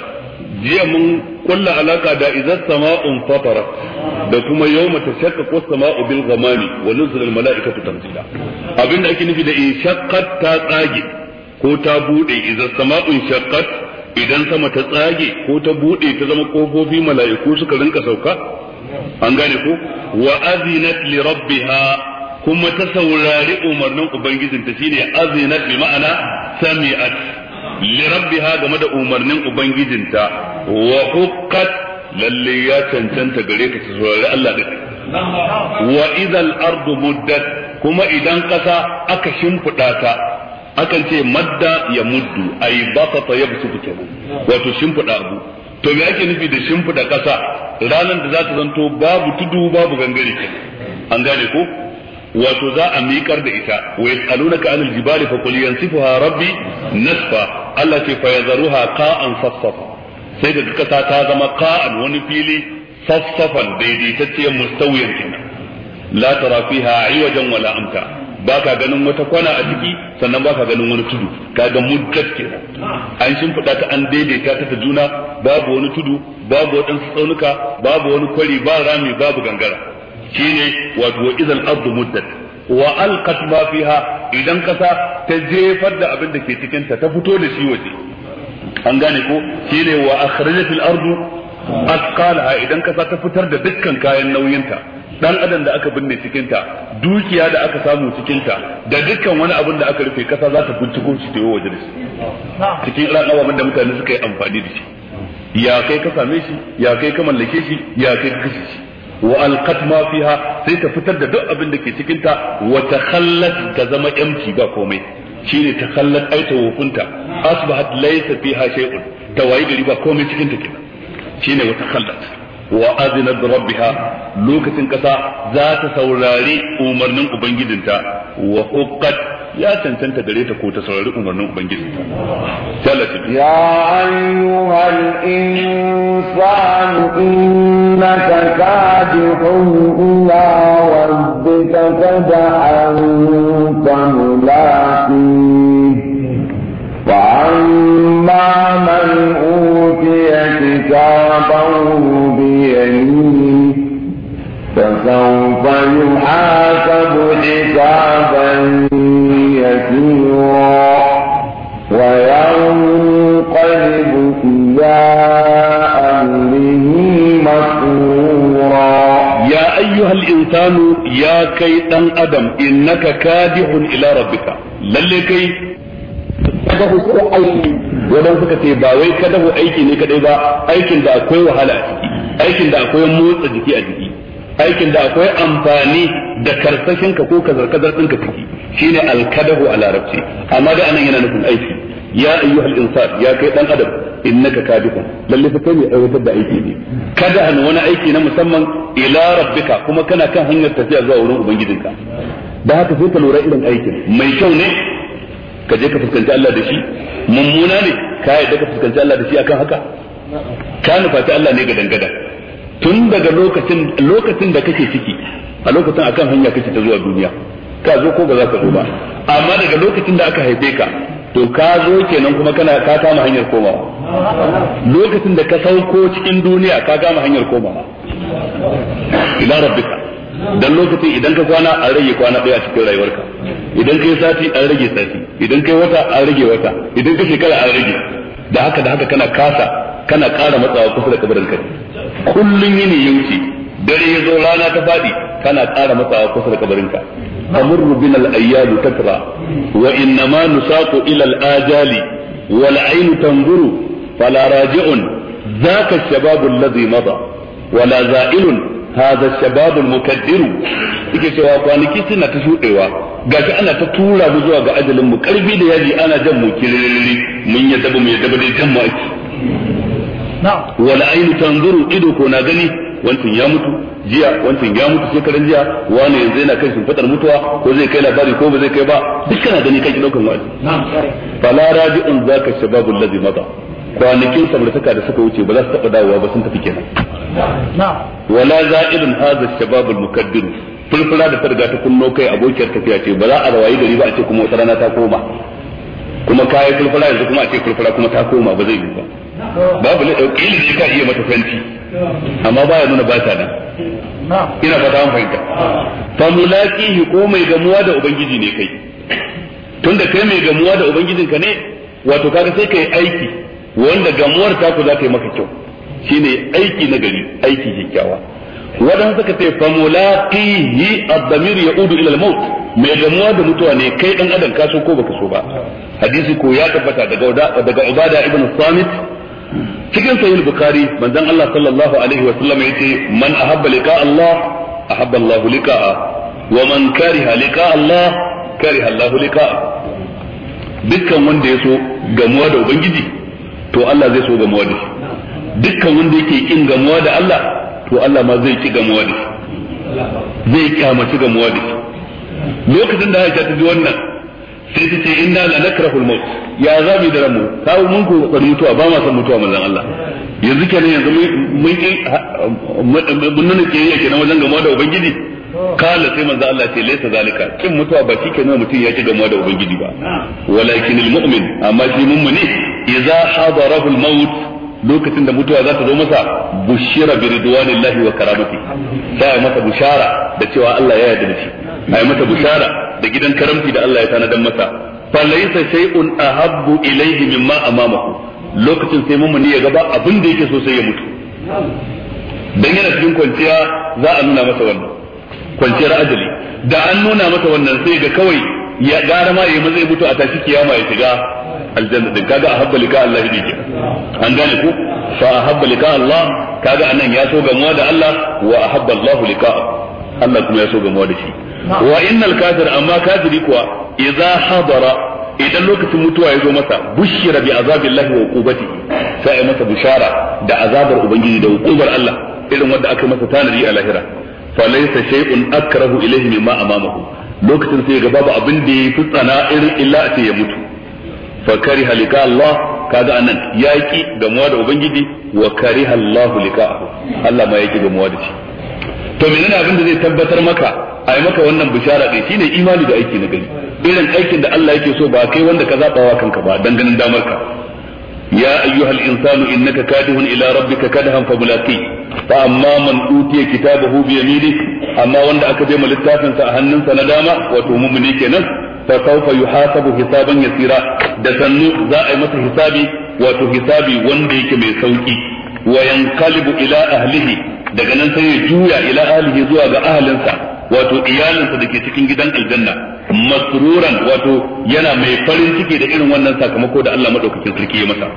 جي من كل علاقة إذا السماء انفطرت دا كما يوم تشقق السماء بالغمام ونزل الملائكة تنزيلا أبن أكي نفي انشقت تاقاجي كو تابو إذا السماء انشقت idan sama ta tsage ko ta buɗe ta zama kofofi mala'iku suka rinka sauka an gane ko wa azinat li rabbiha kuma ta saurari umarnin ubangijinta shine azinat bi ma'ana sami'at li rabbiha game da umarnin ubangijinta wa huqqat lalle ya cancanta gare ka ta saurari Allah din wa idal ardu muddat kuma idan ƙasa aka shimfida ta akan ce madda ya muddu ay basata yabsutu kenan wato shimfida abu to me ake nufi da shimfida kasa ranan da za ta zanto babu tudu babu gangare an gane ko wato za a miƙar da ita wa yas'alunaka anil jibali fa qul yansifuha rabbi nasfa Allah ce fa yazaruha qa'an safsafa sai da kasa ta zama qa'an wani fili saffafan daidaitacciyar mustawiyan kenan la tara fiha iwajan wala amta ba ka ganin wata kwana a ciki sannan ba ka ganin wani tudu ka ga muddat kenan an shimfiɗa ta an daidaita ta ta juna babu wani tudu babu waɗansu tsaunuka babu wani kwari ba rami babu gangara shine wato wa idan ardu muddat wa alqat ma fiha idan kasa ta jefar da abin da ke cikin ta ta fito da shi waje an gane ko shine wa akhrajatil ardu asqalaha idan kasa ta fitar da dukkan kayan nauyinta dan adam da aka binne cikin ta dukiya da aka samu cikin ta da dukkan wani abin da aka rufe kasa za ta binciko shi ta yi waje da shi cikin ran ababen da mutane suka yi amfani da shi ya kai ka same shi ya kai ka mallake shi ya kai ka kashe shi wa alqat ma fiha sai ta fitar da duk abin da ke cikin ta wa takhallat ta zama yamci ba komai shine takhallat aita wufunta asbahat laysa fiha shay'un tawayi gari ba komai cikin ta kenan shine wa takhallat wa azinat rabbiha lokacin kasa za ta saurari umarnin ubangijinta wa huqqat ya cancanta gare ta ko ta saurari umarnin ubangijinta talatin ya ayyuhal insanu innaka kadihun ila rabbika kad'an tamulaqi فأما من أوتي كتابه ya حسابا يسيرا وينقلب إلى أهله مسرورا يا أيها الإنسان يا كي أدم إنك كادح إلى ربك للكي kadahu sai aiki wadan suka ce ba wai kadahu aiki ne kadai ba aikin da akwai wahala aikin da akwai motsa jiki a jiki aikin da akwai amfani da karsashin ka ko kazar kazar ɗinka ciki shine alkadahu a larabci amma da anan yana nufin aiki ya ayyuhal insan ya kai dan adam innaka kadihun lalle fa kai ne aiwatar da aiki ne kada an wani aiki na musamman ila rabbika kuma kana kan hanyar tafiya zuwa wurin ubangijinka da haka sai ka lura irin aikin mai kyau ne ka je ka fuskanci Allah da shi mummuna ne ka yadda ka fuskanci Allah da shi akan haka ka nufaci Allah ne ga dangada tun daga lokacin lokacin da kake ciki a lokacin akan hanya kake ta zuwa duniya ka zo ko ba za ka zo ba amma daga lokacin da aka haife ka to ka zo kenan kuma kana ka kama hanyar komawa lokacin da ka sauko cikin duniya ka kama hanyar komawa ila rabbika dan lokacin idan ka kwana an rage kwana ɗaya a cikin rayuwarka idan kai sati an rage sati idan kai wata an rage wata idan kai shekara an rage da haka da haka kana kasa kana ƙara matsawa kusa da kabarin ka kullum yini ya wuce dare ya zo rana ta faɗi kana ƙara matsawa kusa da kabarin ka amurru bin al-ayyad tatra wa innama nusaqu ila al-ajali wal ayn tanzuru fala raji'un ذاك الشباب الذي مضى ولا زائل هذا الشباب المكدر yake cewa kwanaki suna ta shuɗewa gashi ana ta tura mu zuwa ga ajalin mu karfi da yaji ana jan mu kiririri mun ya ba mu ya ba dai jan mu wala ainu tanzuru ido ko na gani wancan ya mutu jiya wancan ya mutu shekaran jiya wani yanzu yana kai sun shimfidar mutuwa ko zai kai labari ko ba zai kai ba kana gani kai daukan wani fala raji'un zaka shababul ladzi mada kwanakin samartaka da suka wuce ba za su taɓa dawowa ba sun tafi kenan wala za'ilun hadha shababul mukaddir fulfula da ta riga ta kunno kai abokiyar tafiya ce ba za a rawayi gari ba a ce kuma wata rana ta koma kuma kayi fulfula yanzu kuma a ce fulfula kuma ta koma ba zai yi ba babu kila ne eh, ka iya mata fanti amma baya nuna ba ta nan ina fata an fahimta fa mulaqihi ko mai gamuwa da ubangiji ne kai tunda kai mai gamuwa da ka ne wato kaga sai kai aiki wanda gamuwar ta ku za ta yi maka kyau shine aiki na gari aiki kyakkyawa wadan suka ce fa mulaqihi ad-damir ya'udu ila al-maut mai gamuwa da mutuwa ne kai dan adam ka so ko baka so ba hadisi ko ya tabbata daga daga ibada ibn samit cikin sahih bukhari manzon Allah sallallahu alaihi wa sallam yace man ahabba liqa Allah ahabba Allah liqa'a wa man kariha liqa Allah kariha Allah liqa'a dukkan wanda ya gamuwa da ubangiji to Allah zai so gamuwa da shi dukkan wanda yake kin gamuwa da Allah to Allah ma zai ki gamuwa da shi zai kyamaci gamuwa da shi lokacin da Aisha ta ji wannan sai ta ce inna la na al maut ya za mu yi da ramu kawo mun ku bari mutuwa ba ma san mutuwa manzon Allah yanzu kenan yanzu mun yi mun nuna ke yake na wajen gama da ubangiji kala sai manzon Allah ce laysa zalika kin mutuwa ba shi kenan mutum ya ci gama da ubangiji ba walakin al mu'min amma shi mummuni idza hadarahu al maut lokacin da mutuwa za ta zo masa bushira bi ridwanillahi wa karamati sai masa bushara da cewa Allah ya yarda da shi ai masa bushara da gidan karamci da Allah ya tanadan masa falaysa shay'un ahabbu ilayhi mimma amamahu lokacin sai mummuni ya gaba abin da yake so sai ya mutu dan yana cikin kwanciya za a nuna masa wannan kwanciyar ajali da an nuna masa wannan sai ga kawai ya gara ma yayi mazai mutu a tashi kiyama ya shiga aljanna din kaga ahabba lika Allah ne an gane ku fa ahabba lika Allah kaga anan ya so gamuwa da Allah wa ahabba Allah lika Allah kuma ya so gamuwa da shi wa innal kafir amma kafiri kuwa idza hadara idan lokacin mutuwa ya zo masa bushira bi azabillahi wa uqubati sai masa bushara da azabar ubangiji da uqubar Allah irin wanda aka masa tanadi a lahira fa laysa shay'un akrahu ilayhi mimma amamahu lokacin sai ga babu abin da ya fi tsana irin illa a ya mutu fa kariha lika Allah kaga anan yaki gamuwa da ubangiji wa kariha Allah lika Allah ma yaki gamuwa da shi to menene abin da zai tabbatar maka a yi maka wannan bishara ɗin shine imani da aiki na gani. irin aikin da Allah yake so ba kai wanda ka zaɓa wa kanka ba danganin damar ka ya ayyuhal insanu innaka kadihun ila rabbika kadahan fa mulaqi fa amma man utiya kitabahu bi yamini amma wanda aka je littafin sa a hannunsa na dama wato mumuni kenan fa sawfa yuhasabu hisaban yasira da sannu za a yi masa hisabi wato hisabi wanda yake mai sauki wa yanqalibu ila ahlihi daga nan sai ya juya ila ahlihi zuwa ga ahlinsa wato iyalinsa da ke cikin gidan aljanna masruran wato yana mai farin ciki da irin wannan sakamako da Allah madaukakin sarki ya masa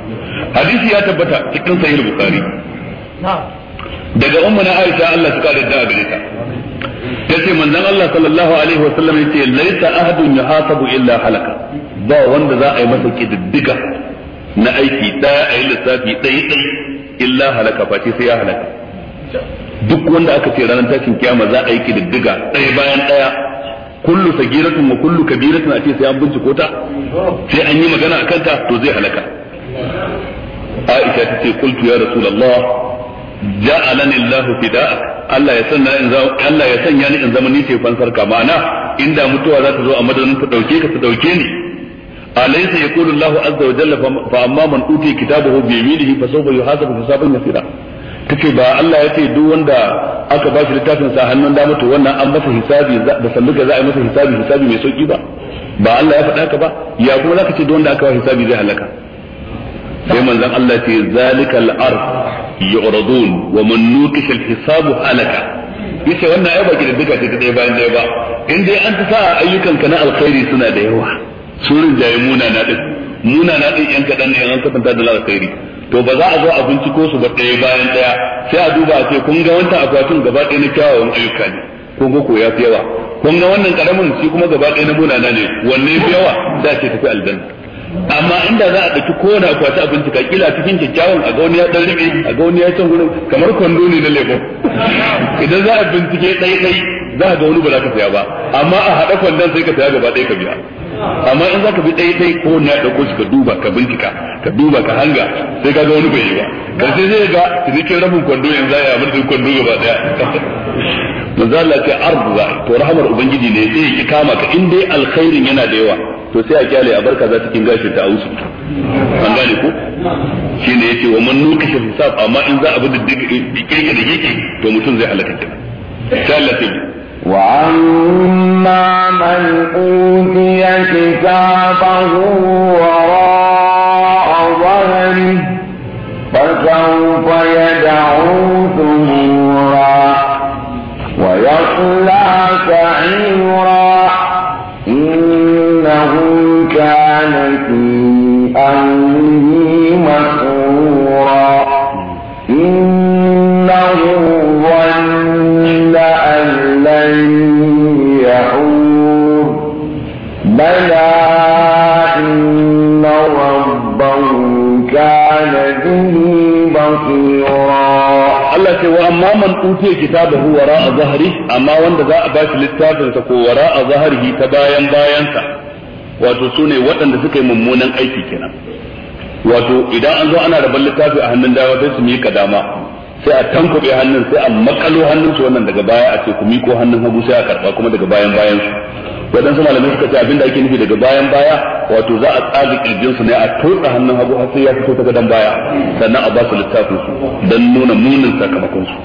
hadisi ya tabbata cikin sahih bukhari daga ummuna aisha Allah ta kare da gare ta tace manzon Allah sallallahu alaihi wasallam yace laisa ahadun yuhasabu illa halaka ba wanda za a yi masa kididdiga na aiki ta a yi lissafi ɗaya ɗaya illa halaka face sai ya halaka duk wanda aka ce ranar tashin kiyama za a yi kididdiga ɗaya bayan ɗaya kullu sagiratun wa kullu kabiratun a ce sai an binciko ta sai an yi magana akan ta to zai halaka Aisha ta ce qultu ya rasulullah ja'alani Allahu fida'ak Allah ya sanya in Allah ya sanya ni in zama ni ce fansar ka ma'ana inda mutuwa za ta zo a madadin ta dauke ka ta dauke ni azza أليس يقول الله عز وجل فأما من أوتي كتابه بيمينه فسوف يحاسب حسابا يسيرا tace ba Allah ya ce duk wanda aka ba shi littafin sa hannun dama to wannan an masa hisabi da sanduka za a yi masa hisabi hisabi mai sauki ba ba Allah ya faɗa haka ba ya kuma zaka ce duk wanda aka ba hisabi zai halaka sai manzon Allah ce zalikal ard yu'radun wa man al-hisabu halaka yace wannan ai baki da duka ce ta bayan ba in dai an ta ayyukanka na alkhairi suna da yawa surin jayi muna na din muna na din yan kadan ne yan kasanta da alkhairi to ba za a zo a binciko su ba ɗaya bayan ɗaya sai a duba a ce kun ga wata akwatin gaba ɗaya na kyawawan ayyuka ne kun ga koya fi yawa kun ga wannan karamin shi kuma gaba ɗaya na munana ne wanne fi yawa za ce tafi aljanna amma inda za a ɗauki kowane akwati a bincika kila cikin kyakkyawan a ga wani ya ɗan riɓe a ga wani ya can gudun, kamar kwando ne na lemo idan za a bincike ɗai ɗai za a ga wani ba za ka saya ba amma a haɗa kwandon sai ka saya gaba ɗaya ka biya amma in zaka bi ɗaya ɗaya ko na ya ɗauko shi ka duba ka bincika ka duba ka hanga sai ka ga wani bai yi ba ka sai zai ga cikin rabin kwando yanzu ya mun da kwando gaba daya manzo Allah ce ardu za to rahmar ubangiji ne zai ki kama ka in dai alkhairin yana da yawa to sai a kyale a barka za ta kin gashin ta ausu an gane shi shine yace wa man nuka shi amma in za a bi da kirki da yake to mutum zai halaka ta Allah وأما من أوتي كتابه وراء ظهره فسوف يدعو ثمورا ويصلى سعيرا إنه كان في أمره ce wa amma man utiya kitabahu wara a zahari amma wanda za a bashi littafin sa ko wara a zahari ta bayan bayansa wato sune waɗanda suka yi mummunan aiki kenan wato idan an zo ana ban littafi a hannun dawa sai su yi dama sai a tankube hannun sai a makalo hannun su wannan daga baya a ce ku ko hannun hagu sai a karɓa kuma daga bayan bayan su waɗansu malamai suka ce da ake nufi daga bayan baya wato za a tsaga kirjin su ne a toka hannun hagu har sai ya fito ta gadon baya sannan a ba su littafin su dan nuna munin sakamakon su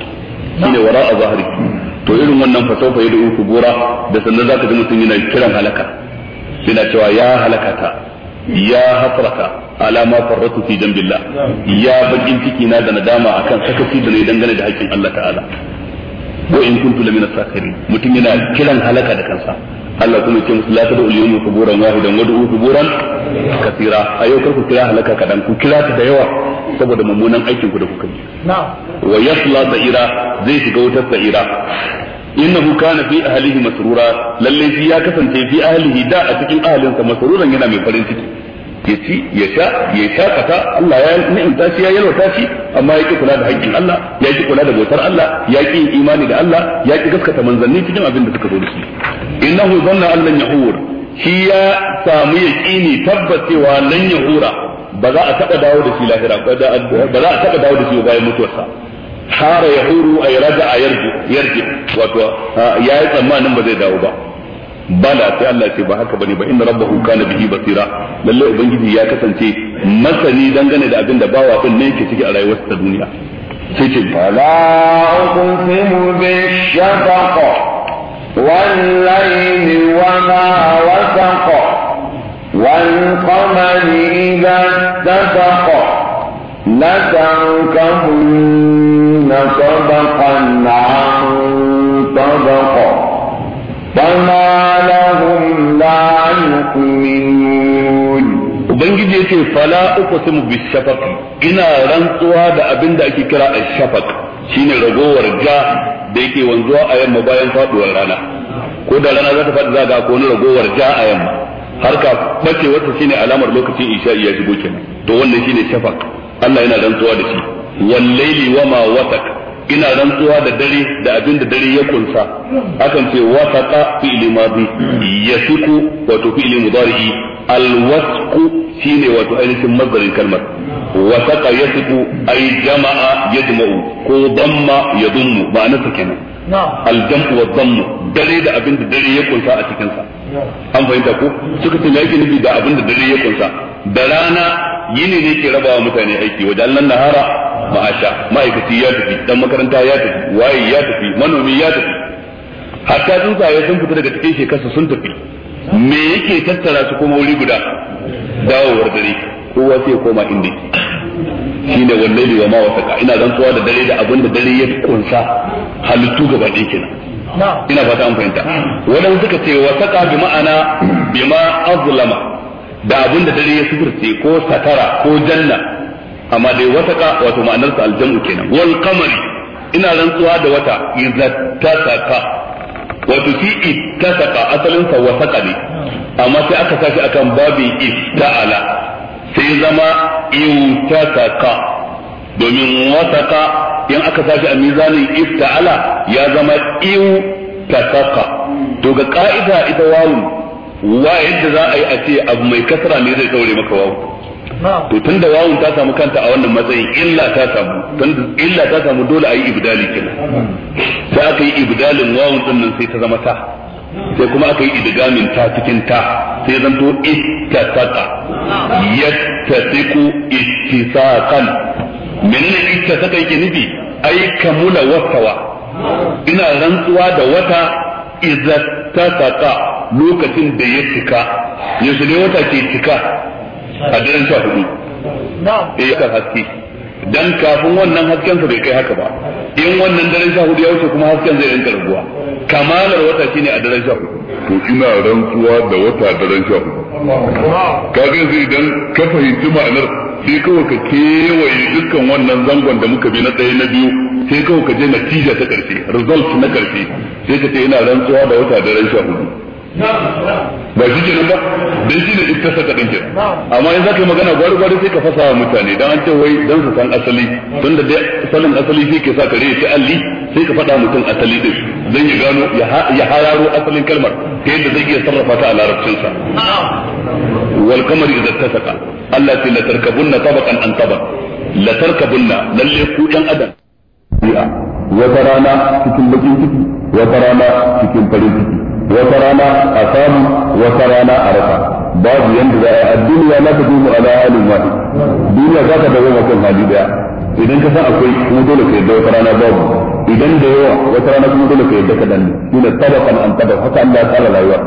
shine wara a zahiri to irin wannan fasofa yadda uku gora da sannan ka ji mutum yana kiran halaka yana cewa ya halakata ya hasrata ala ma farratu fi ya bakin ciki na da nadama akan sakaci da ne dangane da haƙƙin Allah ta'ala wa in kuntu lamina sakirin mutum yana kiran halaka da kansa Allah kuma ce musu la tad'u al-yawma quburan wahidan wad'u quburan kathira ayo kar ku kira halaka kadan ku kira ta da yawa saboda mummunan aikin ku da kuka yi wa yasla sa'ira zai shiga wutar sa'ira innahu kana fi ahlihi masrura lalle shi ya kasance fi ahlihi da a cikin sa masruran yana mai farin ciki ya ci ya sha ya shakata Allah ya ni'imta shi ya yalwata shi amma ya ki kula da haƙƙin Allah ya ki kula da bautar Allah ya ki imani da Allah ya ki gaskata manzanni cikin abin da suka zo da shi innahu zanna an lan yahur shi ya samu yaqini tabbacewa lan yahura ba za a taba dawo da shi lahira ba za a taba dawo da shi bayan mutuwarsa hara yahuru ay raja'a yarji yarji wato yayi tsammanin ba zai dawo ba bala sai Allah ce ba haka bane ba inna rabbahu kana bihi basira lalle ubangiji ya kasance masani dangane da abin da bawa din ne yake ciki a rayuwarsa ta duniya sai ce fala uqsimu bi shafaq والليل وما وسق والقمر إذا اتسق لتركبن طبقا عن طبق فما لهم لا يؤمنون Ubangiji ya ce, Fala uku su bi shafaq, ina rantsuwa da abin da ake kira a shafaq, shine ragowar ja da yake wanzuwa a yamma bayan faduwar rana ko da rana za ta faɗi za ga ko ni ragowar ja a yamma har ka bace wata shine alamar lokacin isha ya shigo kenan to wannan shine shafak. Allah yana rantsuwa da shi wal laili wama wasaq ina rantsuwa da dare da abin da dare ya kunsa akan ce wasaqa fi'li madi yasiku wato fi'li mudari'i alwasqu shine wato ainihin mazdarin kalmar wasaqa yasiku ay jama'a yajma'u ko damma yadummu ma'ana ta kenan aljam'u wa dammu dare da abin dare ya kunsa a cikin an fahimta ko suka ce me yake da abin dare ya kunsa da rana yini ne ke rabawa mutane aiki wajen nahara ma'asha ma'aikaci ya tafi dan makaranta ya tafi waye ya tafi manomi ya tafi hatta tsuntsaye sun fita daga cikin shekarsa sun tafi me yake tattara su kuma wuri guda dawowar dare kowa sai koma inda shine wallahi wa ma ka ina rantsuwa da dare da abin da dare ya kunsa halittu gaba ɗaya kenan ina fata an fahimta wadanda suka ce wasaka bi ma'ana bima azlama da abin da dare ya sufurce ko satara ko janna amma dai wataka wato ma'anarsa aljamu kenan wal qamari ina rantsuwa da wata izattasaka wato fi ittasaka asalin sa wasaka ne amma sai aka sashi akan babi ifta'ala sai zama intasaka domin wasaka in aka sashi a mizanin ifta'ala ya zama intasaka to ga ka'ida ita wawun wa yadda za a yi a ce abu mai kasara ne zai daure maka wawu to tunda wawun ta samu kanta a wannan matsayin illa ta samu tunda illa ta samu dole a yi ibdali kenan sai aka yi ibdalin wawun din nan sai ta zama ta sai kuma aka yi idgamin ta cikin ta sai zan to ittasaqa yattasiqu ittisaqan menene ittasaqa yake nufi ai kamula wasawa ina rantsuwa da wata idza tasaqa lokacin da ya cika yaushe ne wata ke cika a daren sha hudu da eh, ya haske dan kafin wannan hasken sa bai kai haka ba in wannan daren sha hudu ya wuce kuma hasken zai rinka raguwa kamalar wata shine a daren sha hudu to ina rantsuwa da wata daren sha hudu kaga zai dan ka fahimci ma'anar sai kawai ka kewaye dukkan wannan zangon da muka bi na ɗaya na biyu sai kawai ka je natija ta ƙarshe result na ƙarshe sai ka ce ina rantsuwa da wata daren sha hudu ba shi kenan ba dan shi ne ittasa kadin kenan amma in zaka yi magana gwari gwari sai ka fasa wa mutane dan an ce wai dan su san asali tunda dai sanin asali shi ke sa kare ya alli sai ka faɗa mutum asali din dan ya gano ya hararo asalin kalmar ta yadda zai iya sarrafa ta a larabcinsa wal kamari idan tasaqa Allah ce la tarkabunna tabaqan an tabaq la tarkabunna lalle ku dan adam wata rana cikin bakin ciki wata rana cikin farin ciki wata rana a samu wata rana a rasa babu yanda za a duniya la ta dumu ala halin wani duniya za ka dawo mutum hali daya idan ka san akwai kuma dole ka yadda wata rana babu idan da yawa wata rana kuma dole ka yadda ka danne shine tabaqan an tabaq haka Allah ya tsara rayuwa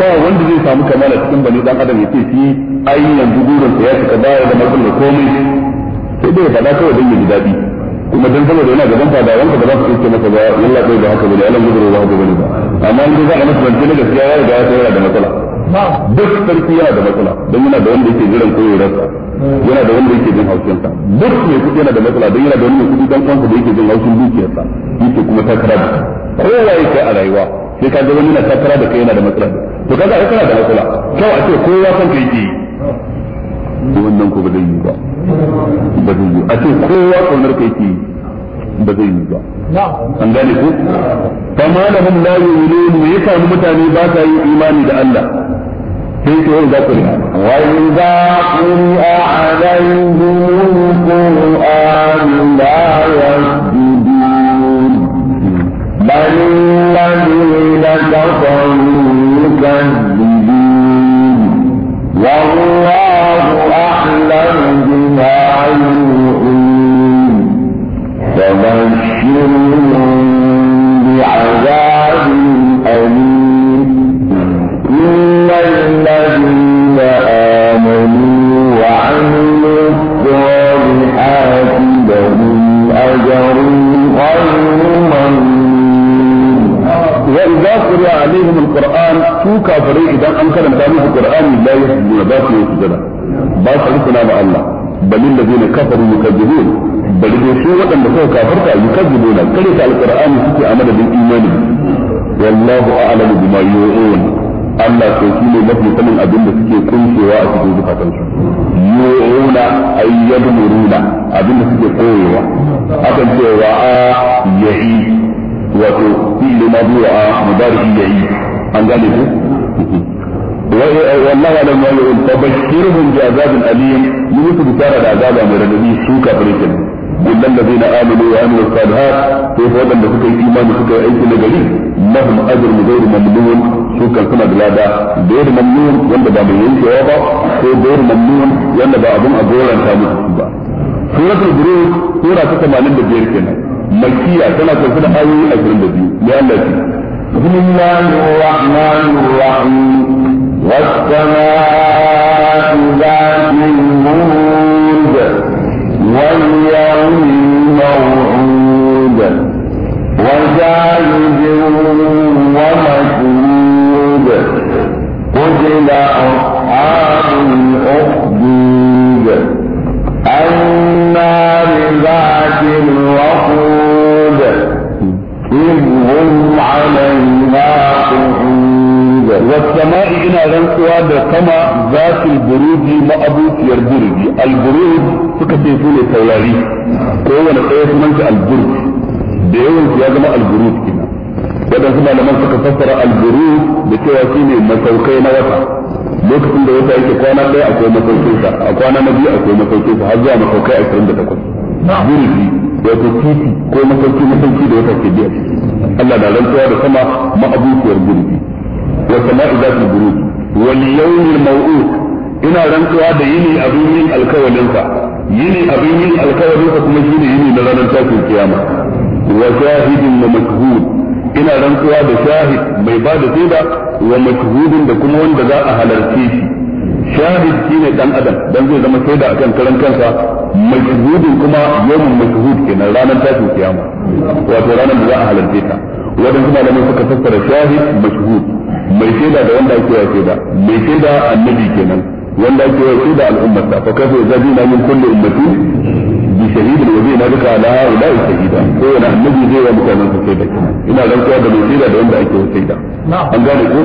ba wanda zai samu kamala cikin bani dan adam ya ce shi ai yanzu gurin ya cika baya da matsalar komai sai dai ba za ka wajen ya ji daɗi kuma dan saboda yana gaban fadawanka ba za ka ce masa ba yalla bai da haka bane alam gudu ba haka bane ba amma in za a masa zance na gaskiya ya riga ya tsaye da matsala duk sarki yana da matsala don yana da wanda yake jiran rasa hmm. yana da wanda yake jin ta. duk mai kuɗi yana da matsala don yana da wani mai kuɗi dan kansa da yake jin haushin dukiyarsa yake kuma takara da kowa yake a rayuwa sai ka ga wani yana takara da kai yana da matsala to kaga ai kana da matsala kyau a ce kowa san kai yake wannan ko ba zai yi ba ba zai yi a ce kowa kaunar kai yake ba zai yi ba an gane ma mutane ba sa yin imani da Allah sai ko da ku wa idza qira alaihim alquran والله بما yutla alaihim alquran su kafirai idan an karanta musu qur'ani la yusjuduna ba su sujada ba su rukuna da Allah balil ladina kafaru yukazzibun bari dai su waɗanda suka kafirta yukazzibuna kare ta alqur'ani suke a madadin imani wallahu a'lamu bima yu'un Allah ko shi ne mafi sanin abin da suke kuncewa a cikin zukatansu yu'una ay yadmuruna abin da suke koyewa akan cewa a yahi wato ne na biyu a mubariki ya yi an gane ku wallahi alam bi azabin alim su bisara da azaba mai radadi su kafirin illal ladina amanu wa amilus salihat sai fa wadanda suka yi imani suka yi aiki na gari lahum ajrun ghayru mamnun su kan suna da lada ghayru mamnun wanda ba mai ba ko ghayru mamnun wanda ba abun a goranta musu ba suratul buruj sura ta 85 kenan مكية كما تقول آية أجرم بديو لألتي بسم الله الرحمن الرحيم والسماء ذات الورود واليوم الموعود وشاهد ومشهود قتل أصحاب الأخرى والسماء إنا رنقوا دا سما ذات البروج مأبوت يربرج البروج سكتيسون التولاري هو نقيت منك البرج ديون سيادما البروج كنا waɗansu malaman suka fassara alburu da cewa shi ne masaukai na wata lokacin da wata yake kwana ɗaya akwai masaukinsa a kwana na biyu akwai masaukinsa da takwas wato titi ko masauki masauki da wata ke biya Allah na rantsuwa da sama ma'abuciyar zurfi wa ذات البروج واليوم wal ina rantsuwa da yini abin yin alkawarin sa yini abin yin alkawarin sa kuma shine yini na ranar tashin kiyama wa shahidin wa mashhud ina rantsuwa da shahid mai ba da shaida wa mashhudin da kuma wanda za a halarce shi shahid shine dan adam dan zai zama shaida akan karan kansa mashhudin kuma yawan mashhud kenan ranar tashin kiyama wato ranar da za a halarce ta waɗansu malamai suka fassara shahid mashhud mai shaida da wanda ake yake da mai shaida annabi kenan wanda ake yake da al'ummarsa fa kafa na min kulli ummati bi shahid wa bina bika ala ila shahida ko wani annabi zai wa mutanen su shaida ina rantsuwa da mai shaida da wanda ake shaida an gane ko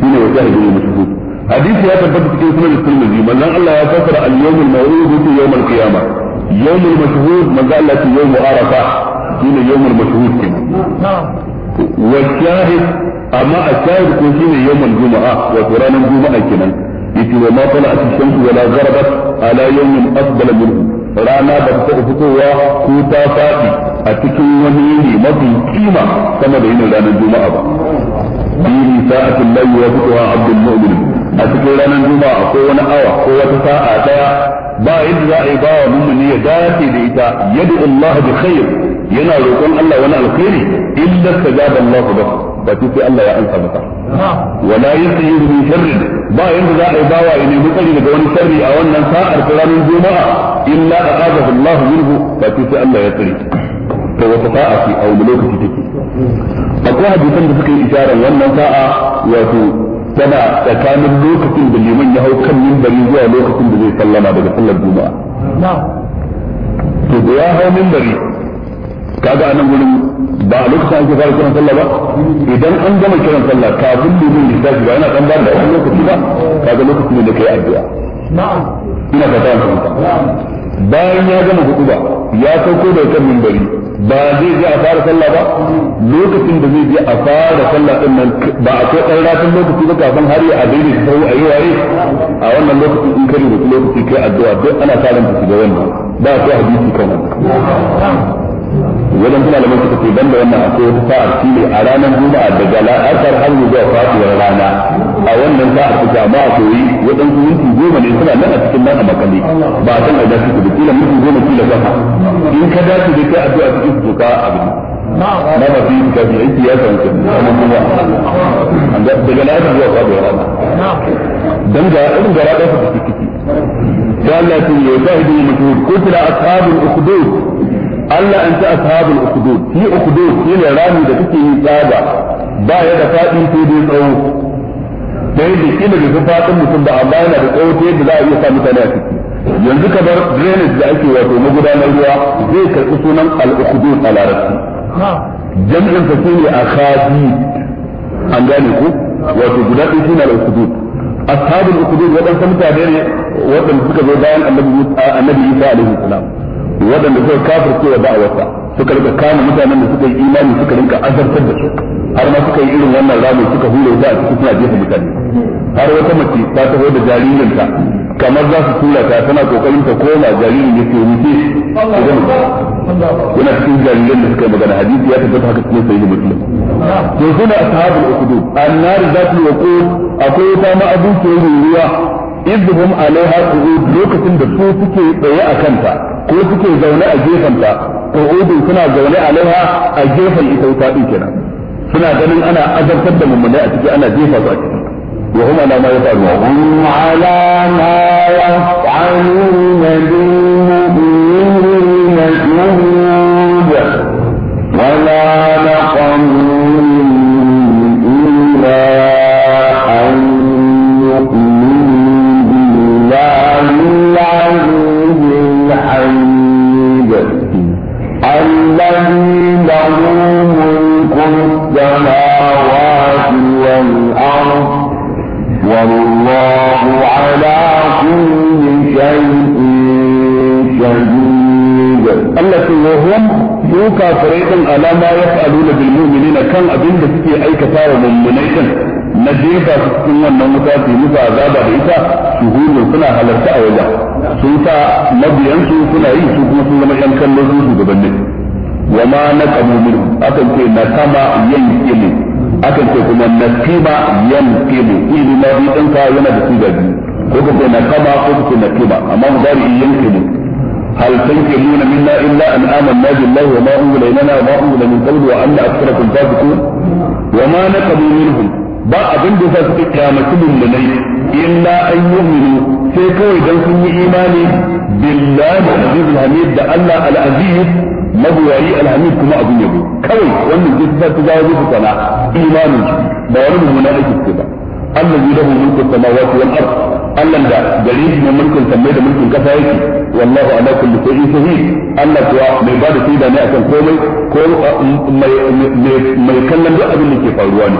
shine wa shahidin mashhud hadisi ya tabbata cikin sunan Tirmidhi manzon Allah ya fassara al-yawmul maw'ud yawm al-qiyamah yawmul mashhud manzon Allah ya ce yawm arafah shine yawmul mashhud kenan wa shahid amma a shahid ko shine yawmul juma'a wato ranar juma'a kenan yace wa ma tala'at ash-shamsu wa la gharabat ala yawmin afdal minhu rana ba ta fitowa ko ta faɗi a cikin wani yini mafi kima sama da yinin ranar juma'a ba yini sa'atin layi wa fitowa abdul mu'min a cikin ranar juma'a ko wani awa ko wata sa'a daya ba yadda za a yi bawa mummuni ya dace da ita yadda Allah bi khair yana roƙon Allah wani alkhairi illa sajaba Allah ba ba ki sai Allah ya ansa masa wala yasayidu min sharri ba yanda za a yi bawa ya nemi tsari daga wani sharri a wannan sa'ar ta ranar juma'a illa aqadahu Allah minhu ba ki sai Allah ya tsare to wata sa'a ce a wani lokaci take akwai hadisan da suka yi isharar wannan sa'a wato tana tsakanin lokacin da liman ya hau kan minbari zuwa lokacin da zai sallama daga sallar juma'a to da ya hau minbari kaga anan gurin ba a lokacin ake fara kiran sallah ba idan an gama kiran sallah kafin limin da tashi ba yana dan ba da wani lokaci ba kaga lokacin da kai addu'a na'am ina ka ta bayan ya gama hutuba ya sauko da kan minbari ba zai je a fara sallah ba lokacin da zai je a fara sallah din nan ba a kai dan ratun lokaci ba kafin har ya adaini sai a yi waye a wannan lokacin in kare da lokaci kai addu'a duk ana sa ran ta shiga wannan ba ta hadisi kan wannan wajen kuma malamai suka ce banda wannan akwai wata sa'ar shi ne a ranar juma'a daga la'asar har zuwa fasuwar rana a wannan sa'ar su ta ba koyi waɗansu minti goma ne suna nan a cikin nan a makale ba a san a dace su da kila minti goma kila kasa in ka dace da kai addu'a cikin su ka abin na ba fi ka bi aiki ya san kin amma kuma an ga daga la'asar zuwa fasuwar rana dan ga irin gara da su ciki ciki sai Allah ya yi zahidi mutu kutila ashabul ukhdud Allah an ta ashabul ukhdud fi ukhdud shine rami da kake yi tsada ba ya da fadi sai dai tsawo da yadda da su fadin mutum ba amma yana da tsawo ta yadda za a iya sa mutane a ciki yanzu kamar drainage da ake wato magudanar ruwa zai karɓi sunan al-ukhdud a larabci jam'in sa shine akhadi an gane ku wato guda ɗaya shine al-ukhdud ashabul ukhdud wadansu mutane ne wadanda suka zo bayan annabi Isa alaihi salam waɗanda suka kafirce wa da'awarsa suka rika kama mutanen da suka yi imani suka rinka azartar da su har ma suka yi irin wannan ramin suka hure da su suna jefa mutane har wata mace ta taho da jaririnta kamar za su tura ta tana kokarin ta koma jaririn ya yake wuce idan yana cikin jaririn da suka yi magana hadisi ya tabbata haka cikin sayyid muslim to suna ashabul ukhdud annar yi waqud akwai ta ma abu ke ruwa idhum alaiha qu'ud lokacin da su suke tsaye a kanta ko suke zaune a gefen ta qu'udun suna zaune a alaiha a gefen ita wuta din kenan suna ganin ana azabtar da mummune a ciki ana jefa su a ciki wa huma la ma yafalun wa hum ala ma yafalun bil mu'minina jund wa la والله على كل شيء شهيد الله وهم su kafirai din alama ya fa'alu na bilmumini na kan abin da suke aikata wa mummunai din na jefa su cikin wannan wuta su musu azaba da ita su hudu suna halarta a wajen sun sa mabiyansu suna yi su kuma sun zama yan kallon su gabanin wa ma na kamu akan ce na kama yin ne akan ce kuma naqiba yanqibu idan ma bi dan ka yana da siga biyu ko ka ce naqaba ko ka ce naqiba amma mudari yanqibu هل تنكرون منا الا ان امنا بالله وما انزل الينا وما انزل من قبل وان اكثركم فاسقون وما نقموا منهم ba abin da za su fi kyamatu mummunai illa an yu'minu sai kawai dan sun yi imani billahi al hamid da Allah al-aziz magoyayi alhamid kuma abin yabo kawai wannan duk za ta jawo musu sana imanin ba wani mummuna ake ce ba Allah zai lahu mulkin samawati wal ard Allah da gare shi ne mulkin sammai da mulkin kasa yake wallahu ala kulli shay'in shahid Allah kuwa mai ba da shaida ne akan komai ko uh, mai kallon duk abin da ke faruwa ne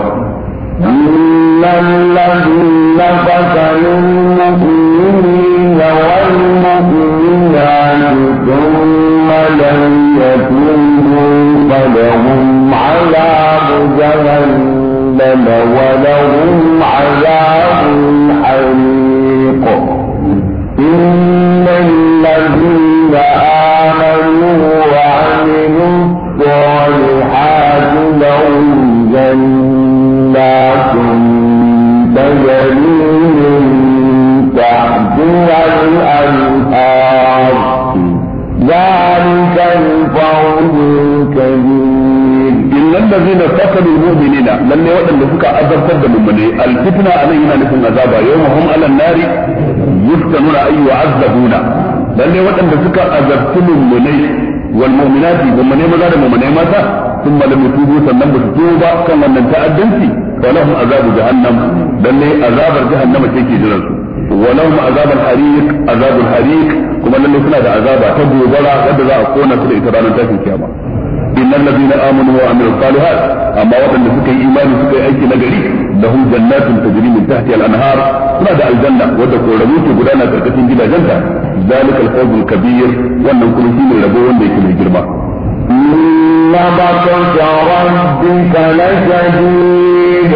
إن الذين فتنوا المؤمنين والمؤمنات ثم لم يتوبوا فلهم عذاب جهنم ولهم عذاب الحريق alladhina qatalu mu'minina lalle waɗanda suka azabtar da mummune anan yana nufin azaba yawma hum alan nari yuftanuna waɗanda suka azabtu mummune wal da mummune mata thumma lam ba kan wannan ta'addanci falahum azabar jahannama ce ke jiran su ولهم عذاب الحريق عذاب الحريق كما لن suna da azaba ta gobara wadda za a kona su da ita ranar tashin kiyama innal ladina amanu wa amilus salihat amma waɗanda suka yi imani suka yi aiki nagari lahum jannatun tajri min tahtiha al-anhar suna da aljanna wadda koramu ke gudana karkashin gidajenta zalikal fawzul kabir wannan kuma shine rabo wanda yake mai girma إن بطش ربك لشديد إنه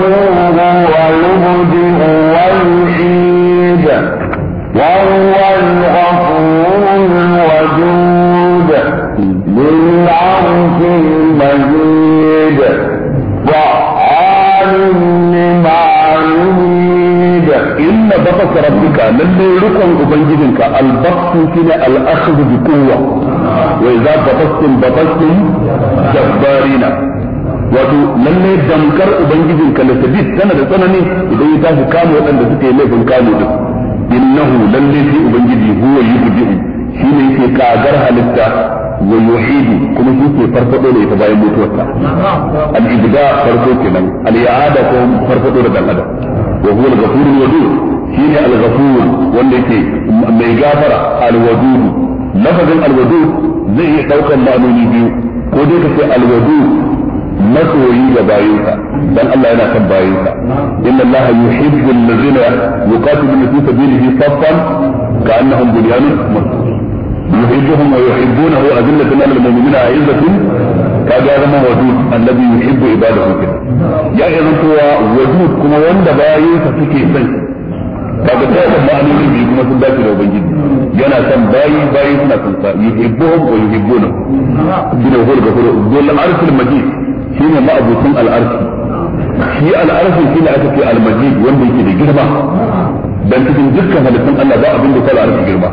هو يبدئ ويعيد وهو الغفور ubangijinka lalle rukun ubangijinka albaqtu shine al-akhdh bi quwwa wa idza batastum batastum jabbarina wato lalle damkar ubangijinka la tadid tana da tsanani idan ya tashi kama waɗanda suke laifin kamo din innahu lalle shi ubangiji huwa yubdi'u shine yake kagar halitta wa yuhidu kuma shi ke farfado da ita bayan mutuwarta al-ibda farko kenan al-i'ada ko farfado da dan adam wa huwa al-ghafurur wadud shine al-ghafur wanda yake mai gafara al lafazin al zai iya daukan ma'anoni biyu ko dai ka ce al masoyi ga bayinsa dan Allah yana kan bayinsa inna Allah yuhibbu allazina yuqatiluna fi sabilihi saffan ka'annahum bunyanun yuhibbuhum wa yuhibbunahu ka ga zama wadud annabi yuhibbu ibadahu ya wadud kuma wanda bayinsa suke son kaga da kan ma'anonin biyu kuma sun dace da ubangiji yana san bayi bayi suna san sa yuhibbuhum wa yuhibbuna bin hul gafur dul arsul majid shine ma'abutun al arsul shi al arsul shine aka ce al majid wanda yake da girma dan cikin dukkan halittun Allah ba abin da kala arsul girma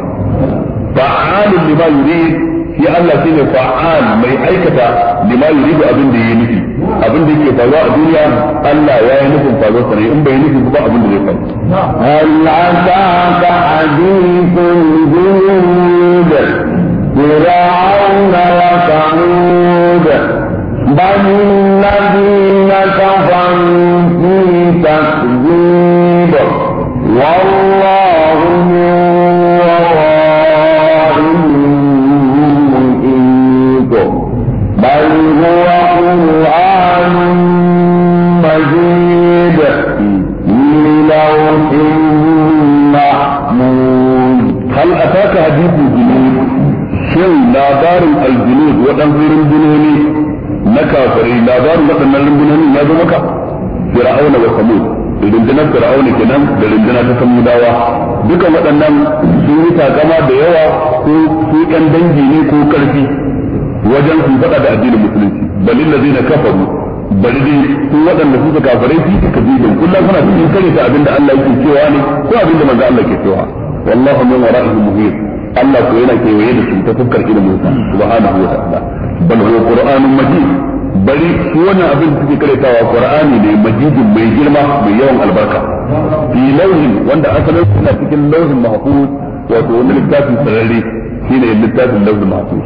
fa'alun lima yurid shi Allah shi ne fa'al mai aikata lima yuridu abin da yayi nufi abin da yake faruwa a duniya Allah ya yi nufin faruwa sa in bai nufi ba abin da zai faru hal ataka hadithul junud فرعون وثمود بل الذين كفروا في تكذيب waɗansu rundunoni na na kafirai labarin waɗannan rundunoni ya zo maka fir'auna wa samud rundunar fir'auna kenan da rundunar ta samudawa dukan waɗannan sun yi takama da yawa ko su ɗan dangi ne ko ƙarfi wajen sun faɗa da addinin musulunci bali balil ladina kafaru bari dai sun waɗanda su suka kafirai su suka bibin kullum suna cikin kare ta abinda Allah yake cewa ne ko abinda manzo Allah ke cewa wallahu min wara'ihim muhit Allah ko yana kewaye da su ta fuskar ilimin sa subhanahu wa ta'ala bal huwa qur'anun majid bari su wannan abin da suke karatawa qur'ani ne majidin mai girma mai yawan albarka fi lauhin wanda asalin suna cikin lauhin mahfuz wato wani littafin sararre shine littafin lauhin mahfuz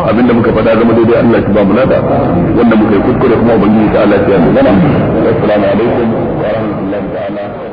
abinda muka faɗa zama daidai Allah shi ba mu lada wanda muka yi kuskure kuma ubangiji ta Allah ya nuna assalamu alaikum wa rahmatullahi ta'ala